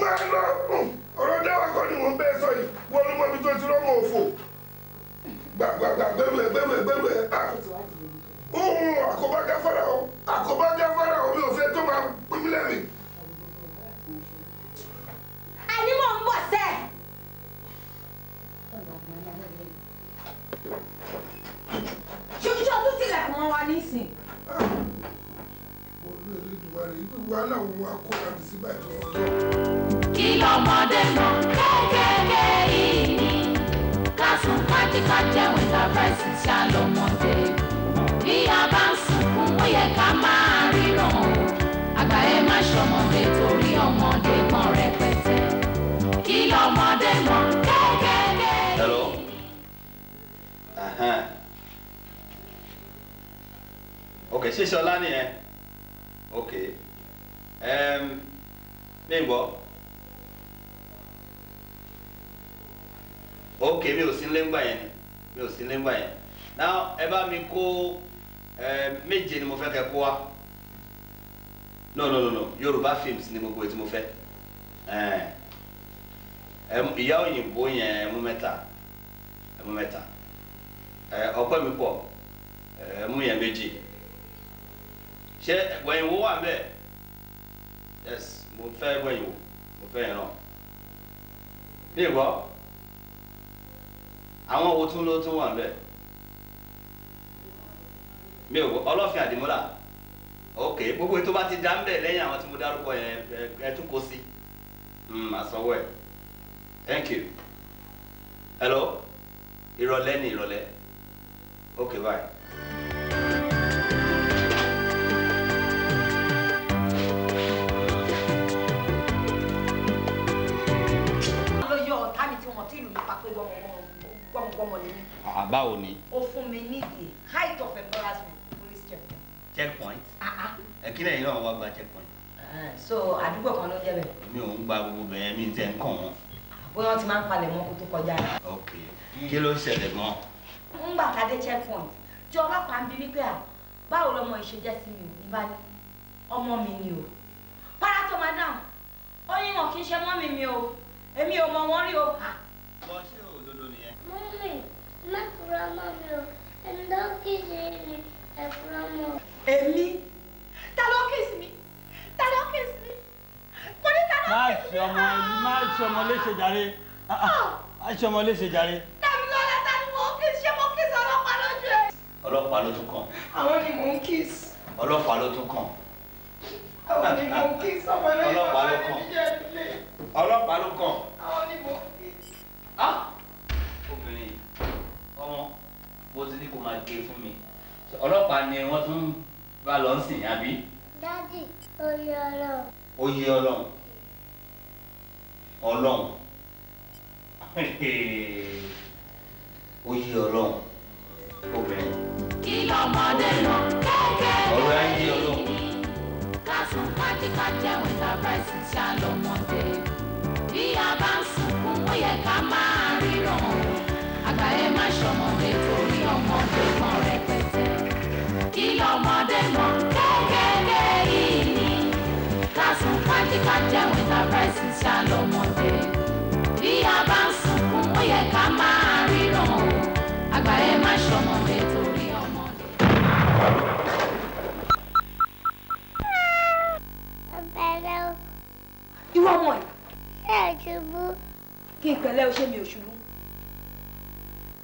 máa lọ hmm, ọ̀rọ̀ dáwà kọ́ ni mò ń bẹ́ẹ̀ sọ yìí wọ́n ló mọ ibi tó ti rọ́mọ òfò gbàgbàgbà gbẹrù ẹ gbẹrù ẹ gbẹrù ẹ ohun ah. hmm, àkóbá gáfárà o àkóbá gáfárà o mi ò fẹ́ tó máa pínlẹ̀ mi. àní mò ń bọ̀ sẹ́ẹ̀. ṣoṣo tó tilẹ̀kùn wọn wá nísìn. olú elédùnmá rẹ ibi wa náà wọn wá kó àmì síbà tó wọn kí lọmọdé mọ kékeré yìí ni ká sùn kájíká jẹun ìdàbẹ̀sì tí a lọmọdé bí a bá ń sunkún ó yẹ ká máa ríran àgbà ẹ má ṣọmọdé torí ọmọdé kọ. ok ṣíṣe ọlá nìyẹn ok mi ń bọ̀ ok mi ò sí nílé ńgbà yẹn ni mi ò sí nílé yẹn now ẹ bá mi kó méje ni mo fẹ́ kẹ́ kó wa no no no no Yorùbá films ni gbogbo ètò mo fẹ́ ìyá òyìnbó yẹn ẹmu mẹ́ta ẹmu mẹ́ta. ọpẹ́ mi pọ̀ mú yẹn méjì ṣé wẹ̀yìn wo wà bẹ́ẹ̀ yes mo fẹ́ wẹ̀yìn wo mo fẹ́ yẹn náà bí àwọn wà mi ò ọlọ́fin àdìmọ́là ok gbogbo tó bá ti dá ń bẹ̀ lẹ́yìn àwọn tí mo dárúkọ yẹn hmm, thank you hello ìrọ̀lẹ́ ni Ok Okay, bye. báwo ni. o fún mi ní the height of embarrassment police checkpoint. checkpoint. Ah, ah. ẹ̀kílẹ̀ yìí náà wá gba checkpoint. Eh, so àdúgbò kan ló jẹ́ bẹ̀. mi ò ń gba gbogbo bẹ̀rẹ̀ mi tẹ̀ ń kàn wọ́n. bóyá wọ́n ti máa ń palẹ̀ mọ́ kó tó kọjá. ok kí ló ń ṣẹlẹ̀ gan-an ńgbà tá a dé checkpoint tí ọlọ́pàá ń bi mí pé à báwo lọmọ ìṣèjẹ́ sí mi ò ń bá ní ọmọ mi ni o para tó madam ó ní wọn kì í ṣe mọ́mì mi o èmi ò mọ wọn rí o. bọ́ ṣé òdodo nìyẹn. mọ́mì má fura mọ́ mi o ẹni tó kì í ṣe ni ẹ fura mọ́. èmi ta ló kì í sí mi ta ló kì í sí mi mo ní ta ló kì í sí mi. má ṣe ọmọ léṣe jàre. Ah, ah aṣọ ọmọ léṣe jàre. dábì lọ lẹ́ta ni mò ń kiss ṣé mo kiss ọlọ́pàá lójú ẹ. ọlọ́pàá ló tún kàn. àwọn ni mò ń kiss. ọlọ́pàá ló tún kàn. àwọn ni mò ń kiss ọmọ lẹ́yìn ọmọ lẹ́yìn ìjẹ́ ìdílé. ọlọ́pàá ló kàn. àwọn ni mò ń kiss. obìnrin ọmọ mo ti ní kó máa gé e fún mi ọlọ́pàá ni wọ́n tún bá lọ sìn àbí. dádì oyè ọlọ́run. oyè ọlọ́run ọlọ́run ó yí ọlọ́run obìnrin. kí lọ́mọdé lọ kékeré ọ̀rọ̀ ẹ̀ ń yí ọlọ́run. ká sùn kájíká jẹun ìtàbá ẹ̀sìn tí a lọ́mọdé. bí a bá ń sunkún ó yẹ ká máa ríran o. àgbà ẹ má ṣọmọdé torí ọmọdé kan rẹpẹtẹ. kí lọ́mọdé lọ kékeré yìí ni. ká sùn kájíká jẹun ìtàbá ẹ̀sìn tí a lọ́mọdé. bí a bá yẹ ká máa ríran o àgbà ẹ má ṣọmọdé torí ọmọdé. ọbẹ̀rẹ̀ o. irú ọmọ ẹ̀. ṣé o ṣubú. kí n pẹ̀lẹ́ o ṣé mi ò ṣubú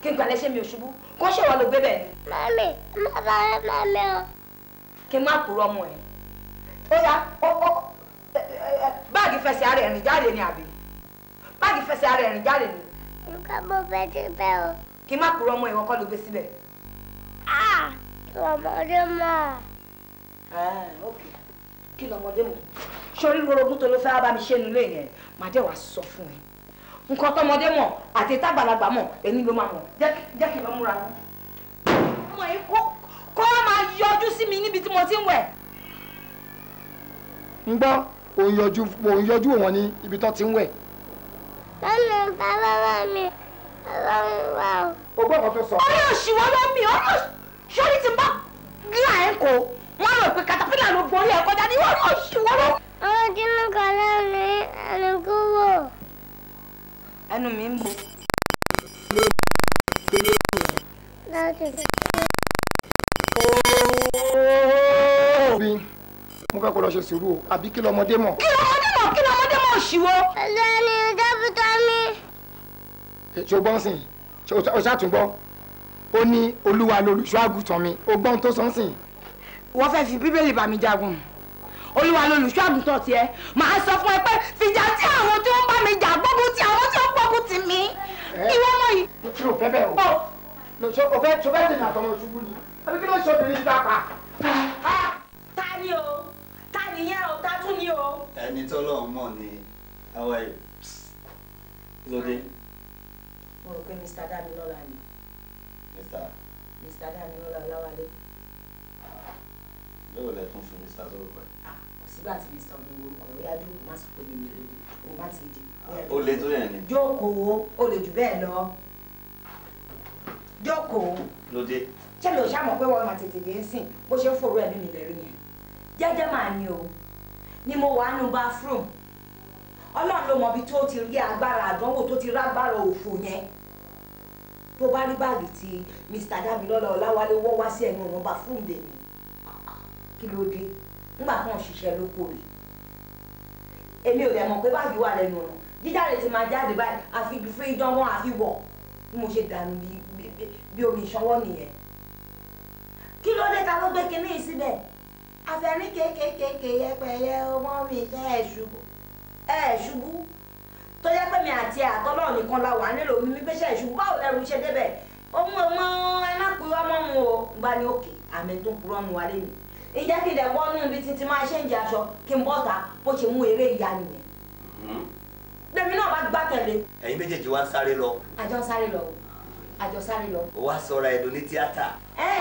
kí n pẹ̀lẹ́ ṣé mi ò ṣubú kó ṣe wà ló gbé bẹ́ẹ̀. mami má bá rẹ mami o. kí n báàgì fẹsẹ̀ ara jáde ni àbí báàgì fẹsẹ̀ ara jáde ni nǹkan mo fẹ́ síbẹ̀ o. kí má kúrò ọmọ ìwọ kọ́ ló gbé síbẹ̀. ọmọdé ah, mọ̀. kí lọmọdé mọ̀ ah, sọrí rorogún tó ló fẹ́ bá mi ṣe nílé yẹn màá dẹ̀ wá sọ fún ẹ nǹkan tọmọdé mọ̀ àti tágbàlagbà mọ̀ ẹni ló máa mọ̀ jẹ́ kí lọ múra wọn. ọmọ yìí kó máa yọjú sí mi níbi tí mo ti ń wẹ̀. ń gbọ́ òun yọjú òun yọjú òun ní ibi tó ti ń wẹ̀ lọ́nà bàbá mi ọlọ́run wà o. o gbọ́ kan tó sọ. ọmọ òṣìwọ́ ló mi ọmọ sórí ti bá gíga ẹ̀ kó wọn rò pé katapila ló borí ẹ̀ kọjá ní ọmọ òṣìwọ́ ló. ọmọ kínní kan lẹ́nu ẹnu kúrò. ẹnu mi ń bò. láti mo fẹ́ kó lọ ṣe sùúrù o àbí kí lọmọdé mọ̀. kí lọmọdé mọ̀ kí lọ́mọdé mọ̀ òṣìwọ́. ọ̀sẹ̀ ni dókítà ṣe o gbọ́n sìn ṣe o ṣàtúngbọ́ ó ní olúwa lolùṣọ́ àgùntàn mi o gbọ́n tó sọ ń sìn. wọ́n fẹ́ fi bíbélì bá mi jagun olúwa lolùṣọ́ àgùntàn tiẹ̀ màá sọ fún ẹ pé fìjà tí àwọn tí wọ́n bá mi jà gbógun ti àwọn tí wọ́n gbógun ti mí ìwọ ọmọ yìí. kí ló bẹ́ẹ̀ o o fẹ́ tó fẹ́ dènà àtọmọ ṣubú ni àbí kí ló ṣe obìnrin yìí dápa. Ah, ta ni o ta nìyẹn o ta tún ni o. ẹni tọ́lọ́ mọ̀ ni àwọn ẹ̀ lóde mo rò pé mr damilola ni. mr. mr damilola láwálé. Ah, lóò lẹ tún fi mr sórúkọ ẹ. Ah, kò sígbà tí mr mi wo orúkọ rẹ yájú má sì kò lè mi lòdì òun má ti di. o lè tó yẹn ni. jókòó o lè jù bẹ́ẹ̀ lọ jókòó. lóde. ṣé ló ṣàmọ̀ pé wọ́n máa tètè dé sìn bó ṣe ń fòrò ẹ̀ nínú ilẹ̀ yẹn jẹ́jẹ́ máa ní o ni mo wà nù bathroom ọlọ́run ló mọ̀ bí tó ti rí agbára àdánwò tó ti rágbára òfò yẹn tó bá rí báàgì tí Mr. Damilola Ọláwálé wọ́ wá sí ẹnu wọn bá fún ìdèmí kí ló dé nígbà kan ṣiṣẹ́ lóko rẹ̀ èmi ò dẹ̀ mọ̀ pé báàgì wà lẹ́nu ọ̀nà jíjáde ti máa jáde báyìí àfi fún ìdánwò àfi wọ̀ bí mo ṣe dànù bí omi ìṣanwọ́ nìyẹn kí ló dé ta ló gbé kinní síbẹ̀ àfẹ́rí kéékèèké yẹpẹ̀yẹ ọmọ mi ṣe ẹ̀ ṣubú ẹ̀ ṣubú tó yẹ pé mi àti àtọ́lọ́ọ̀ nìkan la wà nílò mi mi gbéṣẹ́ ìṣubú báwo lẹ́rù iṣẹ́ débẹ̀ ọmọ ọmọ ẹ má pe ọmọ o gba ni òkè àmì tó ń purọ́ mu wálé ìjẹ́ kí n dẹ̀ nínú ibi títí máa ṣe ń jẹ aṣọ kí n bọ́ta bó ṣe mú eré ìyá nìyẹn mm-hmm. lèmi náà bá gbá tẹ̀lé. ẹ̀yin méjèèjì wá ń sáré lọ. àjọ sáré lọ àjọ sáré lọ. ó wá sọra ẹ̀dọ ní tíátà. ẹ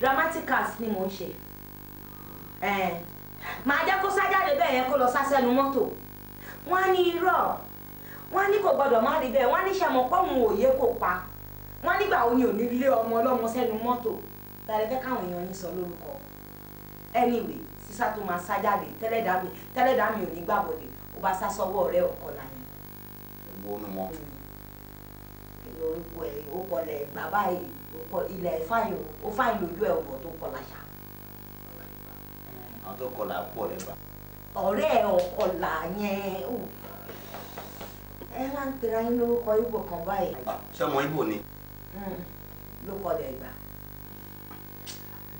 dramatic cast ni mò ń ṣe máa jẹ́ kó sá jáde bẹ́ẹ̀ yẹn kó lọ sá mọ́tò wọ́n á ní irọ́ wọ́n á ní kò gbọ́dọ̀ má rí bẹ́ẹ̀ wọ́n á ní ṣàmọ̀ pọ́ùn òye kò pa wọ́n á nígbà òní òní lé ọmọ ọlọ́mọ sẹ́nu mọ́tò tàbí fẹ́ káwọn èèyàn yín sọ lórúkọ anyway sísá tó máa sá jáde tẹ́lẹ̀dámi tẹ́lẹ̀dámi ò ní gbàbọ̀dé ó bá sá sọ́wọ́ ọ̀rẹ́ ọ̀kọ́ náà ni. ẹgbẹ́ ònú mọ́. Hmm. orúkọ ẹ̀ ó kọlẹ̀ bàbá yìí ilẹ̀ fáyìn ó fáyìn lójú ẹ̀ ọ̀rẹ́ ọ̀kọ̀là yẹn ẹ máa ń pera yín lórúkọ ibo kan báyìí. Ah, ṣé ọmọ ibo ni. Hmm, ló kọlẹ̀ ìgbà.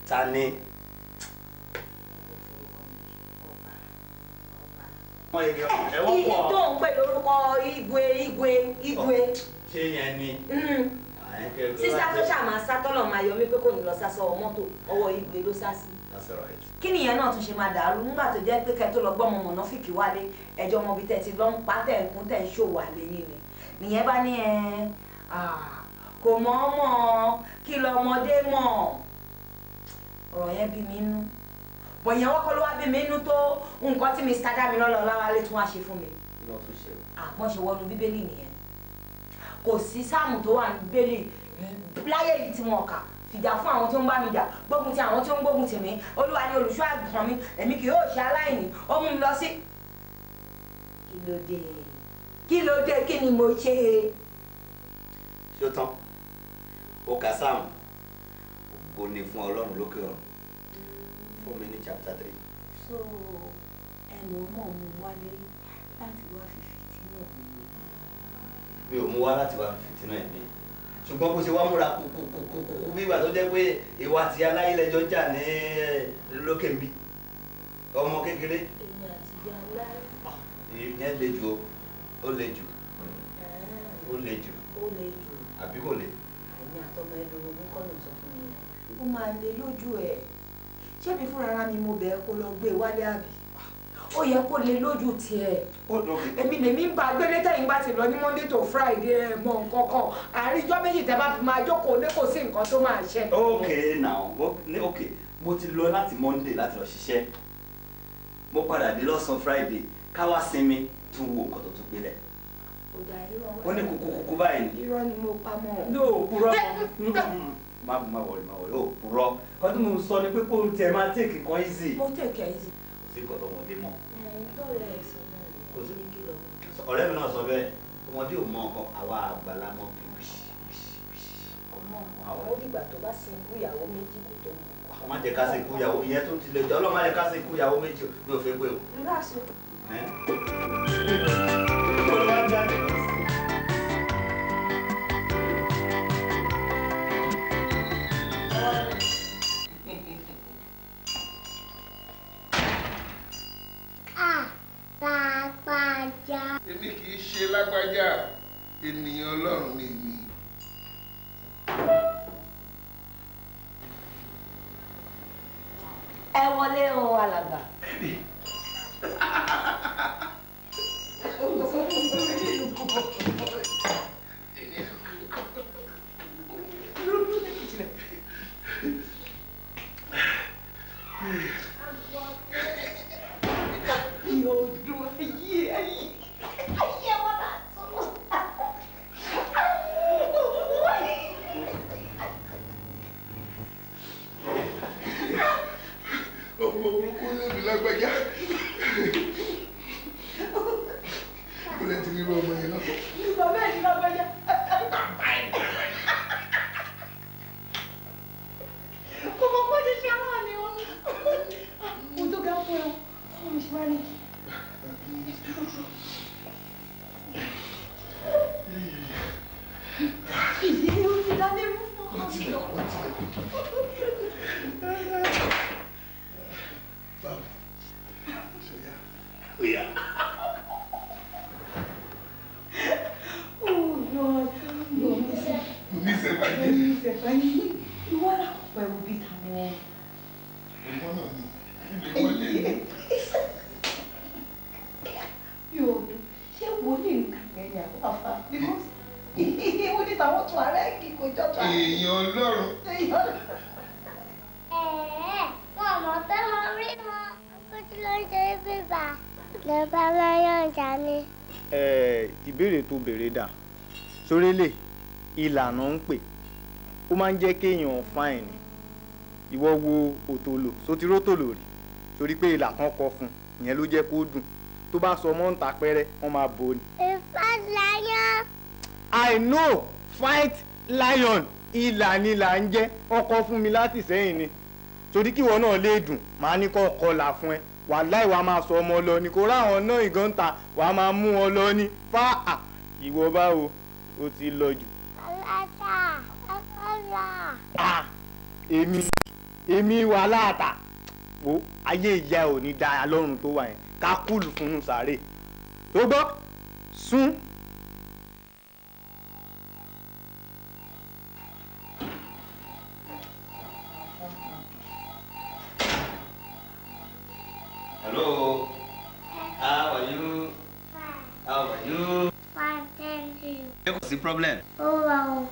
ta ni. iye eh, tó ń pè lórúkọ igwe igwe oh, ni. Hmm. Ah, sísá tó ṣàmà sátọ́lọ̀ máa yọ mí pé kò ní lọ sá sọ mọ́tò ọwọ́ igwe ló that's right kí nìyẹn náà tún ṣe máa dàrú nígbà tó jẹ́ pé kẹ́ tó lọ gbọ́mọ mọ̀nàfìkì wálé ẹjọ́ ọmọ bíi tẹ̀sí lọ́n pa tẹ̀ ń kún tẹ̀ ń ni nìyẹn bá ní ẹ kò mọ ọmọ kí lọmọdé mọ ọ̀rọ̀ yẹn bí mi nú bọ̀yẹn wọ́n kọ́ ló wá bí mi nú tó nǹkan tí Mr. Damilọ́lá Ọláwálé tún wá ṣe fún mi àmọ́ wọnú bíbélì nìyẹn kò sí sáàmù tó wà ní bíbélì láyé yìí tí wọ́n kà fìjà fún àwọn tó ń bá mi jà gbógun ti àwọn tó ń gbógun tì olúwa ni olùṣọ́ àgùntàn mi èmi kì yóò ṣe aláìní ó mú mi lọ sí. kí ló dé kí ló dé kí ni mo ṣe. ṣó tán ó kà sáàmù ògo ni fún ọlọ́run lókè ọ̀run fún mi ní chapter three. so ẹ mọ̀ mọ̀ mo wálé láti wá fífi tí mo. mi ò mú wá láti wá fífi tí náà mi ṣùgbọ́n kò ṣe wá múra kúkúkúkú wíwà tó jẹ́ pé ìwà àti aláìlẹ́jọ́ jà ní eh, lókè mi ọmọ kékeré. èmi àti ìyá aláì. Ah, ìyẹn le jù ó le jù ó le jù. ó le jù. àbí kò le. èmi àtọmọ ẹdùnrún ogún kọ́nà sọ fún mi. ó máa le lójú ẹ̀ ṣé mi fúnra mi mo bẹ̀ ẹ́ kó lọ gbé e wálé àbí ó yẹ kó lè lójú tiẹ̀ èmi lèmi ń ba gbélé tẹ̀yìn bá ti lọ ní monday to friday ẹ mọ nǹkan kan àárín ijọ́ méjì tẹ́ bá fi máa jókòó ní kò sí nǹkan tó máa ṣe. ok now ok mo ti lọ láti monday láti lọ ṣiṣẹ́ mo padà dé lọ́sàn-án friday káwá sinmi tún wo nǹkan tó tún gbélẹ̀ ó ní kúkú kúkú báyìí. irọ́ ni mo pa mọ́. yóò purọ́ má wọlé má wọlé ó purọ́ ọdún mo sọ ni pé kó o tiẹ̀ máa tèkì kan easy. mo tèkì easy sí nǹkan tó ọmọdé mọ̀. ọ̀rẹ́ mi náà sọ bẹ́ẹ̀ ọmọdé ò mọ nǹkan àwa àgbàlá mọ̀ bíbí. àwọn onígbà tó bá sin ikú ìyàwó méjì kò tó mọ̀. ọmọ jẹ ká sin ikú ìyàwó ìyẹn tó ti lè jọ ọlọ́mọ jẹ ká sin ikú o. nígbà èmi kì í ṣe lágbájá ènìyàn ọlọ́run ni èmi. ẹ wọlé o alàgbà. èèyàn ọlọ́run. wọn mọ̀ pé mo rí wọn kó tí ló ń ṣe é bíbà lọ́ba lọ́yọ̀ǹda ni. ìbéèrè tó béèrè dà sórélè ìlànà ń pè ó máa ń jẹ́ kéèyàn fáìn ìwọ wo òtòlò sotirótòlò rí torí pé ìlà kan kọ fún un ìyẹn ló jẹ́ kó dùn tó bá sọ mọ́ǹta pẹ́rẹ́ wọ́n máa bò ni. ìfọ́sílẹ̀ yẹn. I know fight lion ìlà ni là ń jẹ́ ọkọ fún mi láti sẹ́yìn ni torí kíwọ náà lè dùn màá ní kọ́ ọkọ là fún ẹ wàláì wàá máa sọ ọmọ lọ ni kò ráwọn náà ìgàn ta wàá máa mú ọ lọ ni fáà ìwọ báwo o ti lọ jù. aláta ọlá. a èmi èmi wà láàtà wo ayé ìyá ò ní da alọ́run tó wà yẹn ká kúlù fún un sáré tó gbọ́ sún. problem. ó wà o.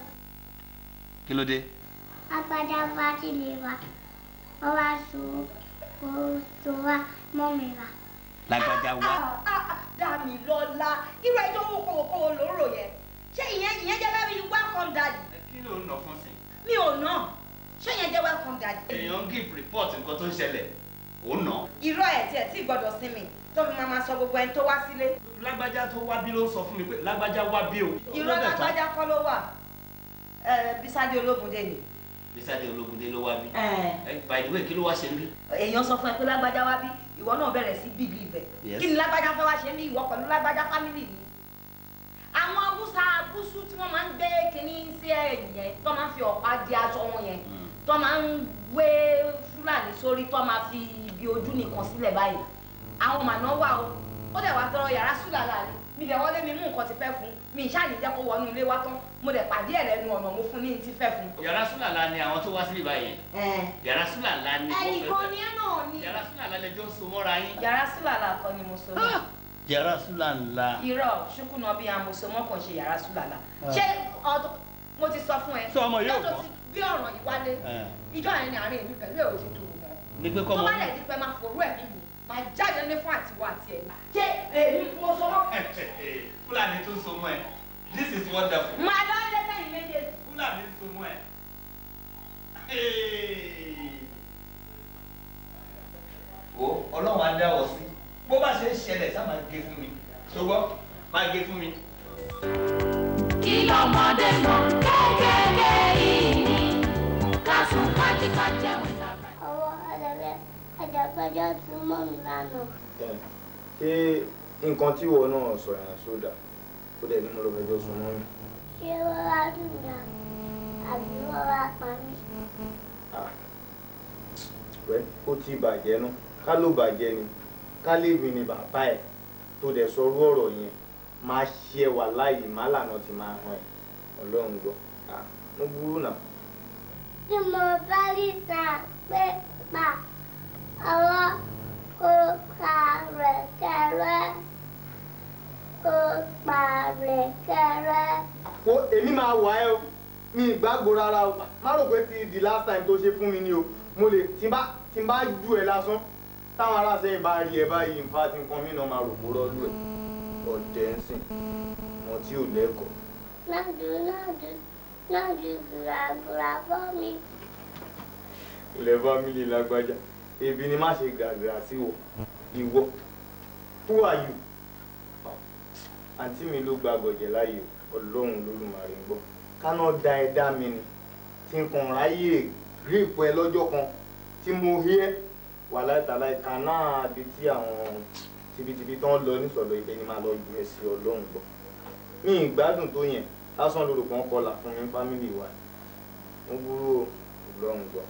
kí ló dé. agbada wa ti lè wà ó wá so ó so wá mọ́ mi wà. lágbada wa. Ah, ah, ah, Dámilọ́lá irú ẹjọ́ wo kòwòkòwò ló rò yẹn ṣé ìyẹn ìyẹn jẹ́ bẹ́ẹ̀ mi welcome daddy. kí ló ń nà fún sí. mi ò nà ṣé ìyẹn jẹ́ welcome daddy. èèyàn ń give report nǹkan tó ń ṣẹlẹ̀ ò nà. irọ́ ẹ̀ tiẹ̀ tí gbọ́dọ̀ sí tó fi máa ma sọ gbogbo ẹni tó wá sílé. lágbájá tó wá bí ló ń sọ fún mi pé lágbájá wá bí o. irọ́ lágbájá kọ́ ló wà Bísádé Ológundé ni. Bísádé Ológundé ló wá bí. by the way kí ló wá ṣe níbí. èèyàn sọ fún ẹ pé lágbájá wá bí ìwọ náà bẹ̀rẹ̀ sí bíbí ibẹ̀ kí ni lágbájá fẹ́ wá ṣe ní ìwọ pẹ̀lú lágbájá fámìlì mi àwọn abúsá abúsú tí wọ́n máa ń gbé kínní sí ẹ̀yìn yẹn tó máa ń fi ọ̀pá di aṣọ wọn yẹn hmm. tó máa ń wé fúlàní sórí tó máa fi ibi ojú nìkan sílẹ̀ báyìí àwọn màná wà o ó dẹ̀ wá tọrọ yàrá sùlàlà ni mi dẹ̀ wọlé mi mú nǹkan ti fẹ́ fún mi ìṣáàní jẹ́ kó wọnú ilé wá tán mo dẹ̀ pàdé ẹ̀ lẹ́nu ọ̀nà mo fún ní ti fẹ́ fún. yàrá sùlàlà ni àwọn tó wá sí ibà yẹn yàrá sùlàlà ni mo fẹ́ ẹnìkan ni ẹ náà ni yàrá sùlàlà lẹjọ́ so mọ́ra yín. yàrá sùlàlà kan ni mo so mọ́. Ah! yàrá sùlàlà. irọ́ ṣùkùnà bíi àmọ̀sọ̀mọ́ kan ṣe yàrá sùlàlà ah. ṣé mo ti sọ fún ẹ lọ́dọ̀ ti gbé ọ̀ràn yìí wálé ah. ìjọ àárín àárín mi pẹ̀lú ẹ̀ òtítù mọ́ tó bá lẹ̀ ti pẹ́ máa máa jáde ní fún àtiwọ́ àti ẹ̀. ṣé èyí mo sọ mọ́. fúlàní tún so mọ́ ẹ this is wonderful. màá lọ lẹ́sẹ̀ yìí méjèèjì. fúlàní so mọ́ ẹ. wo ọlọ́run á dáwọ́ sí bó bá ṣe ń ṣẹlẹ̀ sá máa gé fún mi ṣùgbọ́n máa gé fún mi. kí lọ́mọdé mọ̀ kékeré. tọ́jọ́ tún mọ́ mi lánàá. ṣé nǹkan tí ìwọ náà sọ yẹn sódà tó dẹ̀ ní mo lọ fẹjọ́ sùn mọ́ mi. ṣé wọ́n wá dùn yà àbí wọ́n wá pa mí. rẹ ó ti bàjẹ́ nú ká ló bàjẹ́ ni kálíìbì ni bàbá ẹ̀ tó dẹ̀ sọ orú ọ̀rọ̀ yẹn máa ṣe ẹ wà láàyè má lànà ti máa hàn ẹ ọlọ́run gbọ́ mo burú náà. tí mo bá rí ta pé máa àwọn kópa rẹ̀ kẹrẹ́ kópa rẹ̀ kẹrẹ́. wo èmi máa wà ẹ́ o mi ìgbàgbọ́ rárá o má rò pé ti di last time to she fún mi ni o mo lè tí n bá tí n bá ju ẹ lásán táwọn aláṣẹ ìbá rí ẹ báyìí nǹkan àti nǹkan mí náà máa rò mú rọ́lú ẹ ọ̀dẹ̀ ń sìn wọn tí ò lẹ́kọ̀ọ́. náà ju náà ju náà ju gbùràgbùrà bọ́ mi. ilẹ̀ fámìlì lágbájá èbí ni má ṣe gàgàrà sí o ìwọ who are you àǹtí mi ló gba gọ̀jẹ̀ láàyè ọlọ́run lólùmarè ń gbọ́ káná da ẹ̀dá mi ni tí n kàn ráyè rí ìpọ ẹ lọ́jọ́ kan tí mo rí ẹ wà láìtàlá ìka náà bí tí àwọn tibitibi tán lọ nísọ̀lọ́ ibẹ̀ ni máa lọ ju ẹ sí ọlọ́run gbọ́ mi ìgbádùn tó yẹn lásán lórúkọ kọlà fún mi fámìlì wa mo burú ọlọ́run gbọ́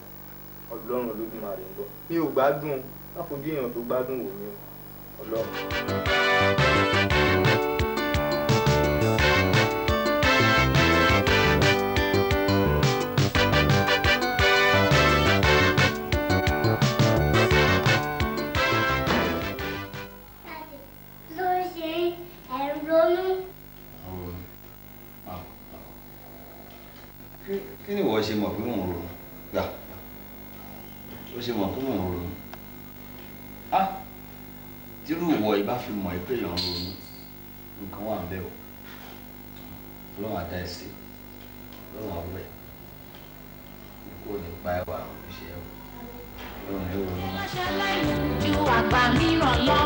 ọlọ́run olódùmarè ń bọ̀ mi ò gbádùn má èèyàn tó gbádùn wò mí o ọlọ́run. kí ni ìwọ ṣe mọ̀ pé mò ń ronú gbà ó ṣe mọ̀ pé mò ń ronú á tírú ìwọ ìbá fi mọ̀ pé èèyàn ń ronú nǹkan wà ń bẹ̀ o ọlọ́run àdá ẹ sí ọlọ́run àwẹ̀ ikú ò ní pa ẹ wà ó ṣe ẹ ọlọ́run ẹ ronú. ju àgbà mìíràn lọ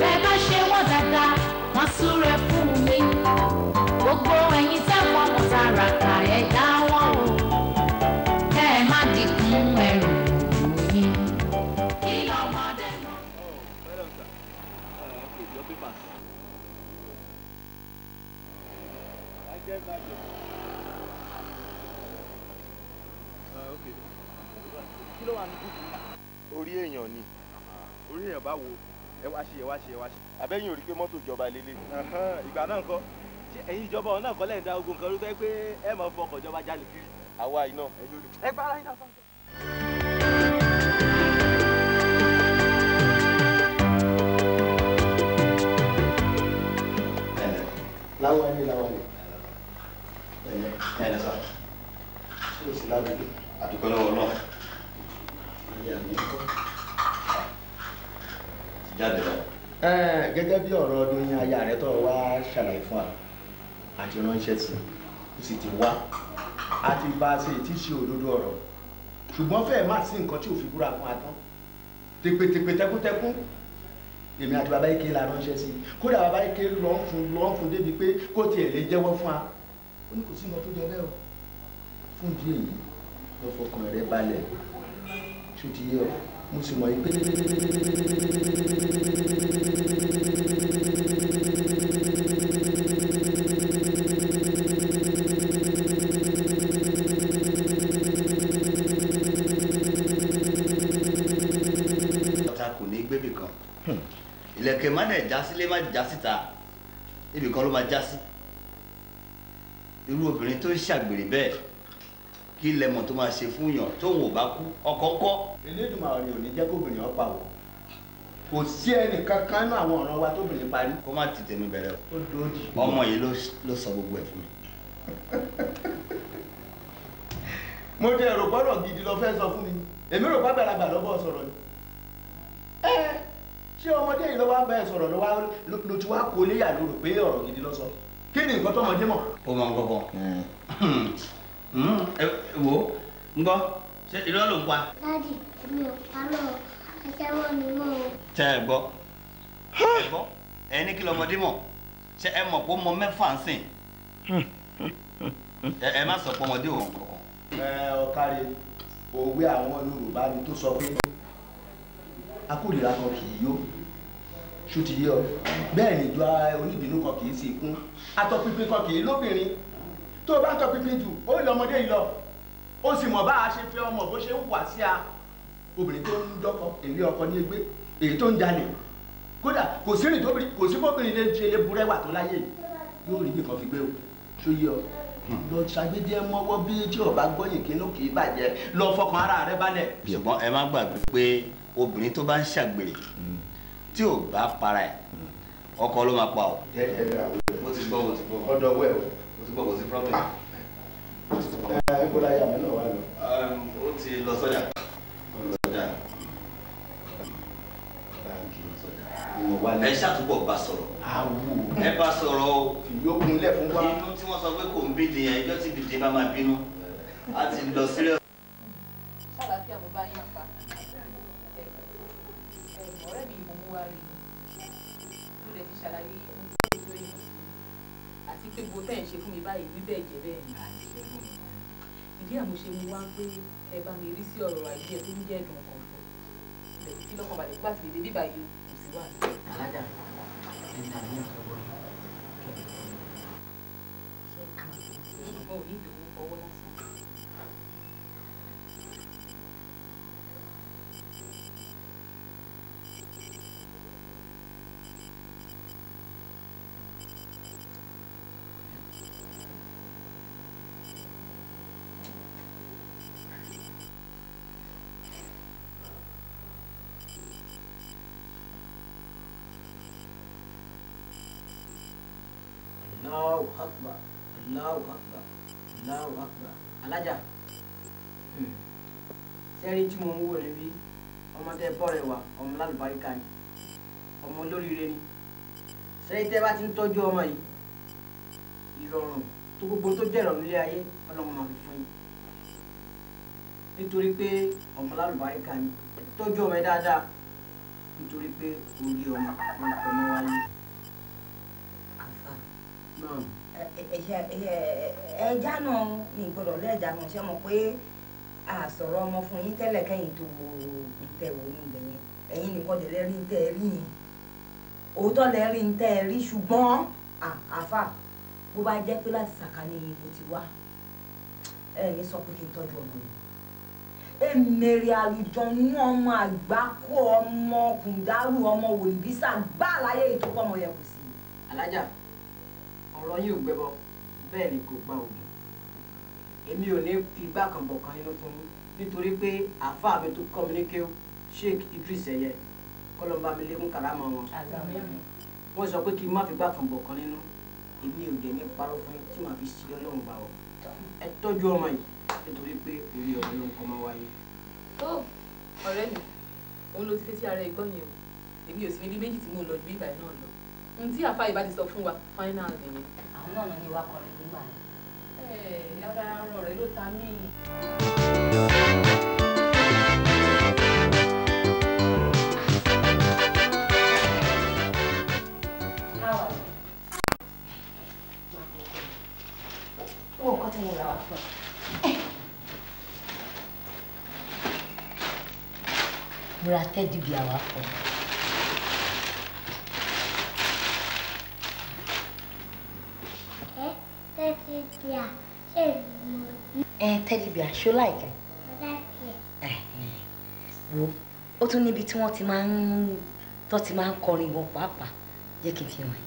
bẹ́ẹ̀ bá ṣe wọ́n dáadáa wọ́n súre fún mi gbogbo ẹ̀yin tẹ́ fọmọ tààràtà ẹ̀ dá wọn o ẹ má dìkún ẹrù. orí èèyàn ni orí èèyàn bá wo ẹ wá ṣe ẹ wá ṣe ẹ wá ṣe. abẹ́yìn ò rí pé mọ́tò ìjọba lélẹ̀. ìgbà náà ńkọ́ ṣé ẹ̀yin ìjọba ọ̀hún náà kọ́ lẹ́yìn dá ogun nǹkan rú fẹ́ pé ẹ máa fọkàn ìjọba jalè kiri. àwa iná. ẹ gbára iná sọ́kẹ́. láwọn ẹni láwọn ẹni ẹ lọ sọ ṣé o sì ládùúgbò àdúgbò lọ́wọ́ náà ayé àmì kọ jáde lọ. gẹ́gẹ́ bí ọ̀rọ̀ ọdún yín aya rẹ tọrọ wá ṣàlàyé fún wa àti ránṣẹ́ sí i ó sì ti wá a ti bá a ṣe tí í ṣe òdodo ọ̀rọ̀ ṣùgbọ́n fẹ́ẹ̀ má sí nǹkan tí ò fi búra fún atán tẹpẹtẹpẹ tẹkútẹkún èmi àti bàbá ike la ránṣẹ́ sí i kódà bàbá ike lọ́n fún lọ́n fún débi pé kó tiẹ̀ lè jẹ́wọ́ fún wa ó ní kò sí nǹkan tó jẹ bẹ́ẹ̀ o fún ìdí èyí lọ fọkàn rẹ balẹ̀ tó ti yé ọ mo sì mọ̀ pé ilẹ̀kẹ̀ hmm. má dẹ̀ já sílé má já síta ibì kan ló máa já sí irú obìnrin tó ṣàgbèrè bẹ́ẹ̀ kí lẹ́mọ̀ tó máa ṣe fún yàn tóun ò bá kú ọkọ̀ kọ́. Elédùmarè ò ní jẹ́ kóbìnrin ọ̀pá wò kò sí ẹnì kankan nínú àwọn ọ̀ràn wa tóbìnrin parí. kó má ti tèmi bẹ̀rẹ̀ o ọmọ yìí ló sọ gbogbo ẹ̀ fún mi. mo jẹ èrò gbọ́dọ̀ gidi lọ fẹ́ sọ fún mi èmi rò pàgbàlagbà lọ́bọ̀ sọ̀rọ̀ ni. ẹ ṣé ọmọdé yìí ló wá bá ẹ sọ̀rọ̀ ló ti wá kó léyà ló rò pé ọ̀rọ̀ gidi lọ sọ kí ni nǹkan tọmọdé mọ̀. o mọ nǹkan bọ̀ hmm. hmm. hmm. ẹ wo ń gbọ́ ṣe irọ́ ló ń pa. dádì mi ò pa náà aṣẹ́wó ni mò ń. tẹ ẹ gbọ́ ẹ gbọ́ ẹ ní kí lọmọdé mọ̀ ṣe ẹ mọ̀ pé ó mọ mẹ́fà ń sìn ẹ má sọ pé ọmọdé òun ẹ ọ̀kárí òwe àwọn Yorùbá ni tó sọ pé akórira kan kì í yó ṣùtì yìí ọ bẹ́ẹ̀ ni ìjọ oníbìnú kan kì í sí ikún atọpinpin kan kì í lóbìnrin tó o bá ń tọpinpin jù ó lè ọmọdé yìí lọ ó sì mọ̀ bá a ṣe fẹ́ ọmọ bó ṣe ń wà sí a obìnrin tó ń dọ́kọ èrè ọkọ ní egbé èyí tó ń jalè kódà kò sí rìn tóbi kò sí bóbìnrin lè ṣe lè burẹ́ wà tó láyé yóò rí nìkan fi gbé o ṣó yé ọ hmm. lọ ṣàgbéjẹ mọ́wọ́ bí tí o bá gbọ́yìn kì í bàjẹ́ lọ fọkàn ara rẹ balẹ̀. ṣùgbọ́n ẹ má gbàgbé pé obìnrin tó bá ń ṣàgbèrè hmm tí ò bá para ẹ̀ ọkọ ló máa pa o. mo ti gbọ́ mo ti gbọ́ ọdọ wẹ̀ o mo ti gbọ́ mo ti problem. Ah. ẹ̀ẹ́dẹ́gbọ́dá yà mí náà wà lọ. Um, ó ti lọ sọ́jà. ẹ ṣàtúbọ̀ bá sọ̀rọ̀ ẹ bá sọ̀rọ̀ o ìyókunlẹ̀ fún wa inú tí wọ́n sọ pé kò ń bìdì yẹn ẹjọ́ tí bìdì bá máa bínú a ti lọ sílẹ̀. sálàkí àbúbá yín àpá. February mo lè fi ṣàlàyé ohun tó ń lóyún àti pé gbogbo tẹ̀ ń ṣe fún mi báyìí bí bẹ́ẹ̀ jẹ́ bẹ́ẹ̀ ni ìdí àmúṣe mi wá pé ẹ bá mi rí sí ọ̀rọ̀ àìjí ẹ tó ń jẹ́ ẹ̀dùn ọkàn fún ilẹ̀ tí lọ́kàn balẹ̀ gbà tìlẹ̀ débí báyìí kò sí wà. alága ìlànà ìṣòro kẹ̀kẹ́ ṣe kàn. Allahu Akbar Allahu Akbar Allahu Akbar alájà sẹ́rí hmm. tí mo ń wò níbí ọmọ tẹ bọ́ọ̀rẹ̀ wà ọmọ lálùbáríkà ni ọmọ olóríire ni sẹ́rí tẹ́ bá ti ń tọ́jú ọmọ yìí ìrọ̀rùn tó gbogbo tó jẹ́ ìrọ̀rùn ilé ayé ọlọ́run máa fi fún yín nítorí pé ọmọ lálùbáríkà ni tọ́jú ọmọ yìí dáadáa nítorí pé orí ọmọ wọn kọ́ mọ́ wáyé. ẹja náà ní ìgbọ́dọ̀ lẹ́ẹ̀dá náà ṣe mọ̀ pé àsọ̀rọ̀ ọmọ fún yín tẹ́lẹ̀ kẹ́yìn tó tẹ̀wò ní ibẹ̀ yẹn ẹ̀yin nìkan dẹ̀ lẹ́rìí tẹ́ ẹ rí yẹn òótọ́ lẹ́rìí tẹ́ ẹ rí ṣùgbọ́n àáfà bó bá jẹ́ pé láti sàkání yìí mo ti wá ẹ̀mí sọ pé kí n tọ́jú ọmọ yìí èmèrè àlùjọ̀nú ọmọ àgbákò ọmọ kùndàrú ọmọ wòlíbísà gbá àlàyé ìtòkọ́ ọmọ yẹn kò sí. alájà ọ̀rọ̀ yìí ò gbẹbọ bẹ́ẹ̀ ni kò gba òdì èmi ò ní fi igbá kan bọ̀ kan nínú fún yín nítorí pé àáfàá mi tó kọ́ mi ní kéw Sheikh Idris ẹ̀yẹ kọ́lọ́mbà mi lékún kàrámọ̀ wọn wọ́n sọ pé kí n má fi igbá kan bọ̀ kan nínú èmi ò dẹ̀ ní parọ́ fún yín tí màá fi sí ọlọ́run bá wọ ẹ tọ́jú ọmọ yìí nítorí pé orí ọ̀rọ̀ ló ń kọ́ máa wáyé. ó ọ̀rẹ́ mi òun ló ti fẹ́ sí ara ẹ̀gbọ́n mi o èmi ò sì ní méjì tí mò lọ ju ìgbà náà lọ n tí àfa ìbá ti sọ fún wa final nìyẹn. àwọn náà ní ìwà kan rẹ nígbà yẹn. ẹ ẹ yàrá ọ̀rọ̀ rẹ ló ta mí. owó nǹkan tí mo rà wá fún ẹ. àwa fún ẹ. teddy bear ṣó láìka. wo ó tún níbi tí wọ́n ti máa ń tọ́ ti máa ń kọrin wọn pàápàá jẹ́ kí n fi hàn yín.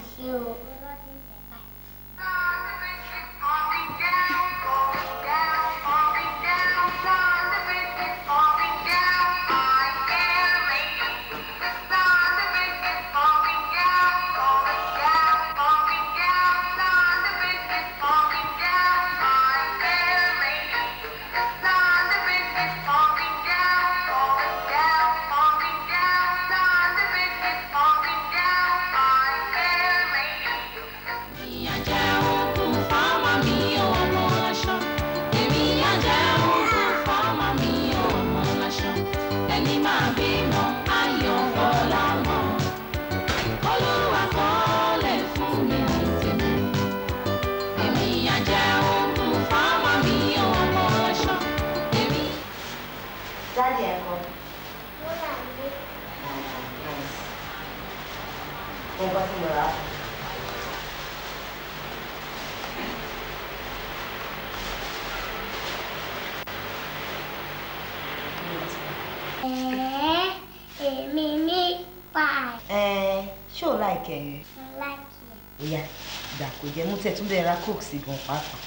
dẹ̀ ra coke sí gan pàápàá.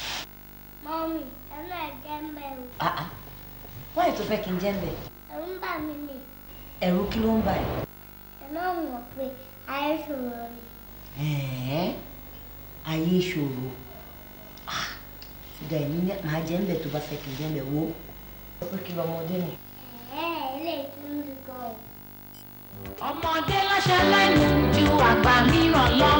mọ́mí ẹ náà jẹ́ ń bẹ̀ o. wọ́n ètò fẹ́ kí n jẹ́ ń bẹ̀. ẹ̀rù ń bà mí ni. ẹ̀rù kí ló ń bà yìí. ẹ náà mọ̀ pé ayé ṣòro ni. ayé ṣòro ṣùgbọ́n ah, èmi máa jẹ́ ń tó bá fẹ́ kí n jẹ́ ń wo. ó pé kí lọmọdé ni. ilé ìtúndì kan o. ọmọdé lọ́sẹ̀ lẹ́nu ju àgbà mìíràn lọ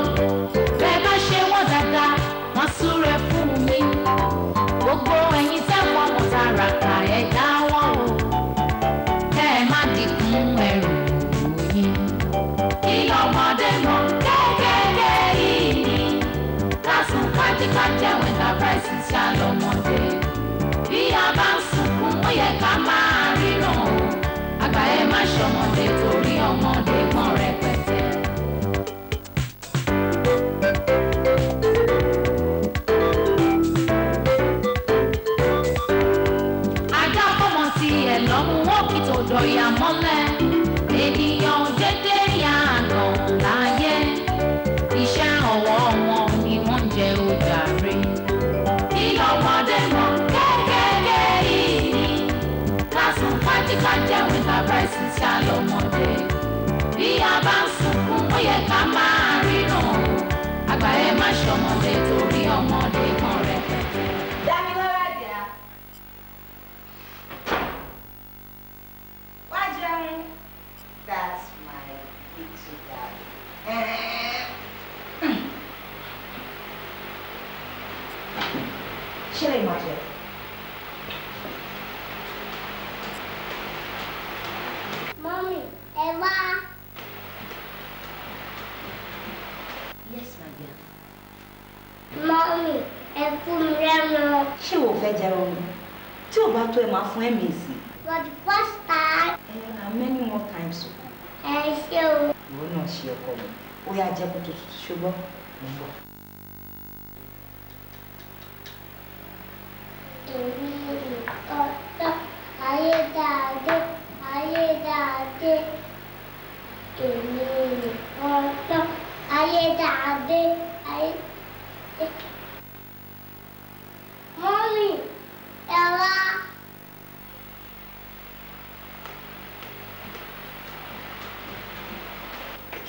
súre fún mi gbogbo ẹ̀yin tẹ́ mọ̀ mọ̀ tààràtà ẹ̀dá. ṣé o fẹ́ jẹ omi tí o bá tó ẹ máa fún ẹ mi sí. for the first time. ẹ ẹ many more times o. ẹ ṣe o. ìwọ náà ṣe ọkọ mi ó yá jẹ kó tuntun ṣùgbọ́n mo ń bọ̀. èmi ìtọ́jọ́ ayédáadé ayédáadé èmi ìtọ́jọ́ ayédáadé.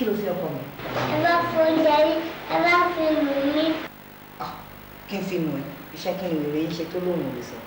ló fi ọkọ mi. ẹ bá fún oúnjẹ yín ẹ bá fi lù mí. kí n fi mọ̀ ẹ́ iṣẹ́ kí n lè rí iṣẹ́ tó lóun ò lè sọ̀rọ̀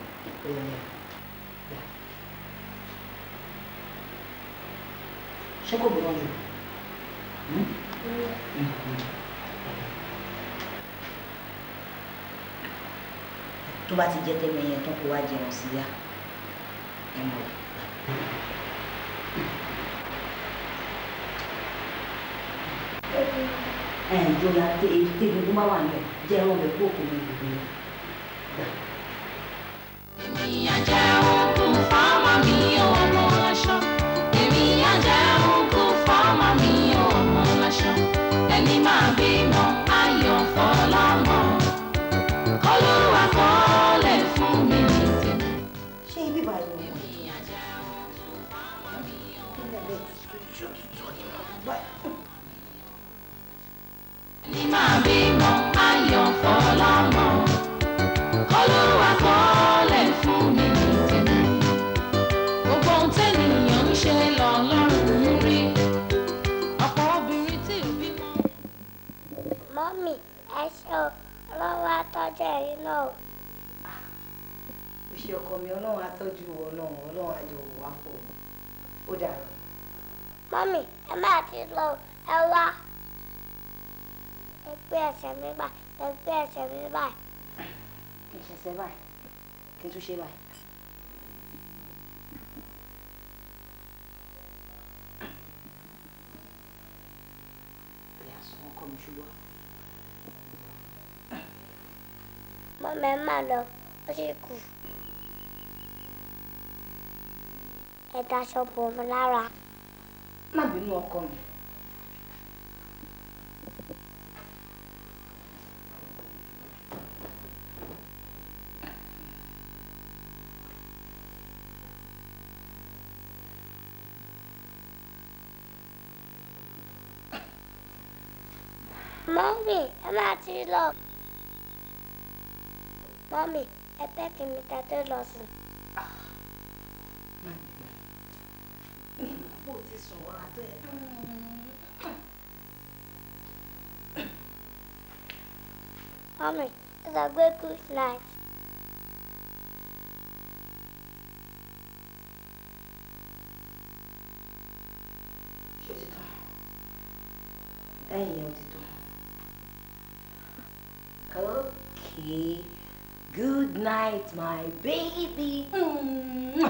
ìjọba tẹ́gun tó bá wà níbẹ̀ jẹ́ ẹran rẹ̀ kó òkú mi ìdìbò yẹn. ìyá jẹ́ o. yàn fọlọ́mọ kọ́lọ́wà kọ́lẹ̀ fún mi ní tèmi gbogbo ohun tẹ́nìyàn ń ẹ mi báyìí ẹ gbé mi báyìí. kí n ṣe báyìí kí n tún ṣe báyìí. mọ́mọ́ ẹ máa lọ ó sì kù ẹ daṣọ bò mí lára. má bínú ọkọ mi. Mommy, I'm actually lost. Mommy, I pẹ́ you, mi ta tó lọ sùn. Ah, mi Mommy, it's a great good night. Ṣé o Good night, my baby. Mm.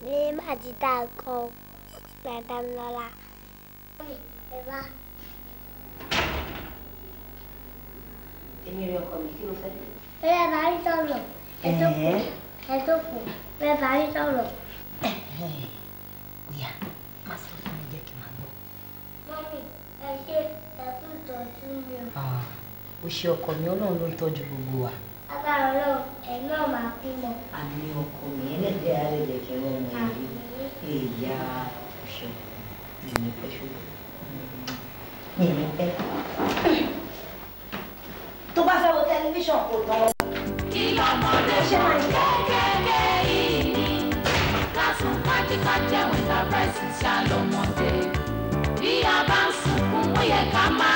你妈知道我来当了啦，对吧 e m i l o c o mi chiuso. E la dai solo. E d o E dopo. La dai solo. Via. Ma s o f a m i g l i m a n o Mami, è che... tọ́jú mi o. o ṣe ọkọ mi ọlọ́run ló ń tọ́jú gbogbo wa. agbára ọlọ́run ẹ̀ náà máa bímọ. àmì ọkọ mi ẹlẹ́dẹ̀ alẹ́dẹ̀ kí wọ́n mọ èyí ìyá ọ̀ṣọ́ ìní pẹ́ ṣubú ìní pẹ́. tó bá fẹ́ wo tẹlifíṣàn kò tán. kí ọmọdé ṣe máa ń kékeré yìí ni lásùn pàjùpà jẹun ìta rice ṣá lọ́mọdé bí a bá ń sunkún ó yẹ ká máa.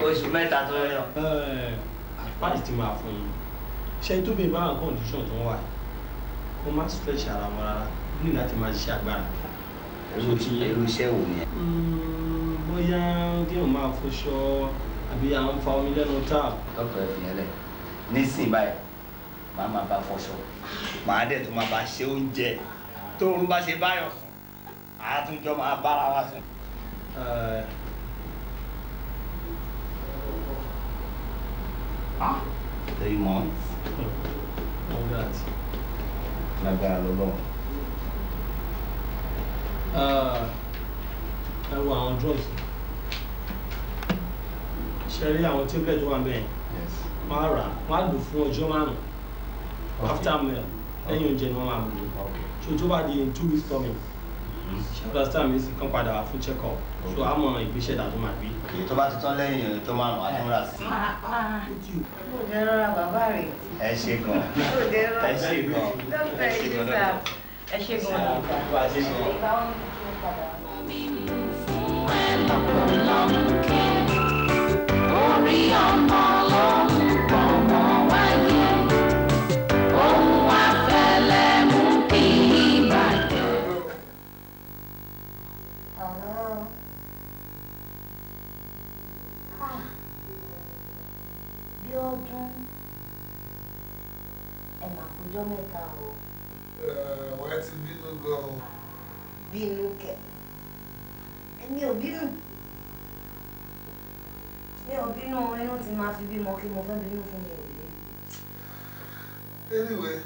oṣù mẹ́ta tó yàn. advice ti máa fún yín ṣe tó bí báwọn condition tó ń wà kó má stretch ara wọn rárá ní láti máa ṣiṣẹ́ agbára. irú iṣẹ́ wo ni. Hmm, bóyá kí máa fọṣọ àbí à fa omi lẹ́nu táàpù. dókítà ẹ fi yẹn nísìnyí báyìí màá máa bá fọṣọ màá dẹ̀ tó máa bá ṣe oúnjẹ tó ń bá ṣe báyọ̀ sùn àá máa bára wa sùn. Uh, ah, three months. All that. Lágbára lọ́lọ́run. Uh, ẹ wo àwọn drugs. Ṣé rí àwọn tablet wà bẹ́ẹ̀? Wọ́n á rà wọ́n á lò fún ọjọ́ after meal lẹ́yìn oúnjẹ ni wọ́n máa lò. two weeks coming? understand mi sì kàn padà fún check up so a mọ ìgbésẹ̀ ìdájọ́ máa gbé. tó bá ti tán lẹ́yìn ọjọ́ márùn-ún àdúrà sí. kò ah, dé ah. rọra bàbá rẹ̀. ẹ ṣe gan. kò dé rọra ẹ ṣe gan. dókítà ẹ ṣe gan. ẹ ṣe gan. ẹ ṣe gan. fún ẹ lọ́pọ̀lọpọ̀ orí ọmọ lọ́mọ. ọjọ́ ọdún ẹ mà kújọ́ mẹ́ta o. wàá ti bínú gan o. bínú kẹ èmi ò bínú mi ò bínú inú ti máa fi bímọ kí mo fẹ́ bínú fún mi ò bínú. anyway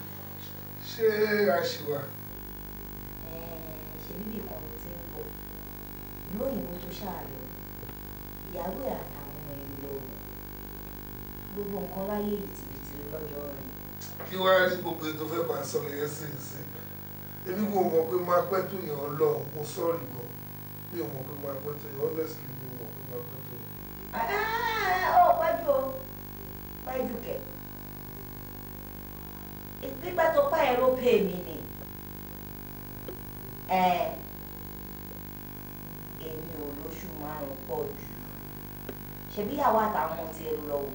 ṣé a ṣèlérí kan ti ń bọ̀ lóyìnbó tó ṣáà lọ ìyàwó ẹ̀ àtàwọn gbogbo nǹkan láyé yìí ti bìtìrì lọ́jọ́ rẹ̀. kí wàá rí gbogbo ètò fẹ́ máa sọ lẹ́yìn sí ìsìn èmi kò mọ̀ pé máa pẹ́ tó yàn lọ mo sọ̀rọ̀ gan mi ò mọ̀ pé máa pẹ́ tó yàn honestly mi ò mọ̀ pé máa pẹ́ tó yàn. ọ̀ pẹ́jù o pẹ́jù kẹ̀ nígbà tó pa ẹ̀rọ pé mi ni eh, èmi ò lóṣù márùn-ún pọ̀ jù ṣebí àwa àtàwọn ti ẹrù lọ wò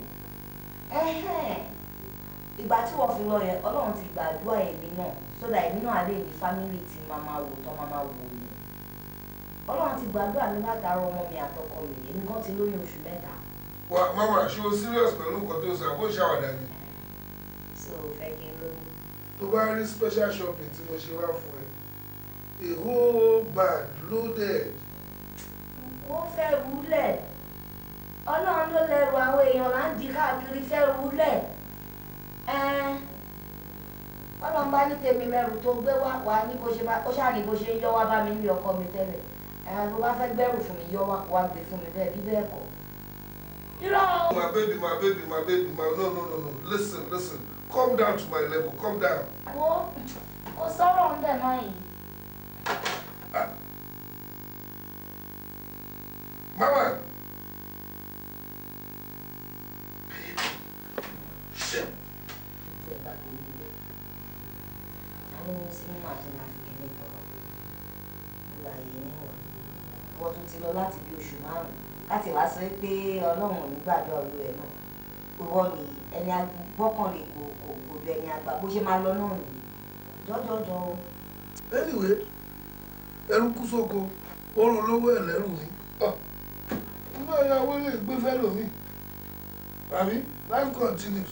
ìgbà tí wọ́n fi lọ yẹn ọlọ́run ti gbàdúrà èmi náà that èmi náà á lè ní fámìlì tí màmá wò tán màmá wò mí ọlọ́run ti gbàdúrà mi látara ọmọ mi àtọkọ mi èmi kan ti lóyún oṣù mẹ́ta. wà mama ṣé o serious pẹ̀lú nǹkan tó sọ àbó ṣàwàdà ni. so fẹ́ kí n lóyún. tó bá rí special shopping tí mo ṣe wá fún ẹ a whole bag loaded. wọ́n fẹ́ rúlẹ̀ ọlọ́run ló lẹ́rù àwọn èèyàn là ń di káàkiri fẹ́rù lẹ̀ ọlọ́run bá ní tèmi mẹ́rù tó gbé wá wá ní bó ṣe bá ó ṣáà ní bó ṣe ń yọ wá bá mi ní ọkọ mi tẹ́lẹ̀ ẹ̀rọ tó bá fẹ́ gbẹ́rù fún mi yọ wá kó wá gbé fún mi bẹ́ẹ̀ bí bẹ́ẹ̀ kọ́. My baby, my baby, my baby, my no, no, no, no. Listen, listen. Calm down to my level. Calm down. Wo, o sọ̀rọ̀ ń bẹ̀ náà yìí. tó ti lọ láti bí oṣù márùn-ún láti wá sọ pé ọlọ́run ò ní gbàdúrà olú ẹ̀ náà ìwọ ni ẹni agbọ́kànlé kò kò gbòdò ẹni àgbà bó ṣe máa lọ náà nìyí jọjọjọ. anyway ẹrú kú sóko oorun lówó ẹ lẹ́rù mi nínú ah, ẹ̀yà owó lè gbé fẹ́lòmíì àbí life continues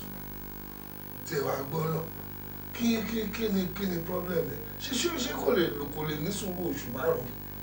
tẹ̀wá gbọ́ lọ kí kí kí ni kí ni problem ẹ̀ ṣíṣú ṣé kò lè lò kò lè ní sùúrù oṣù márùn-ún.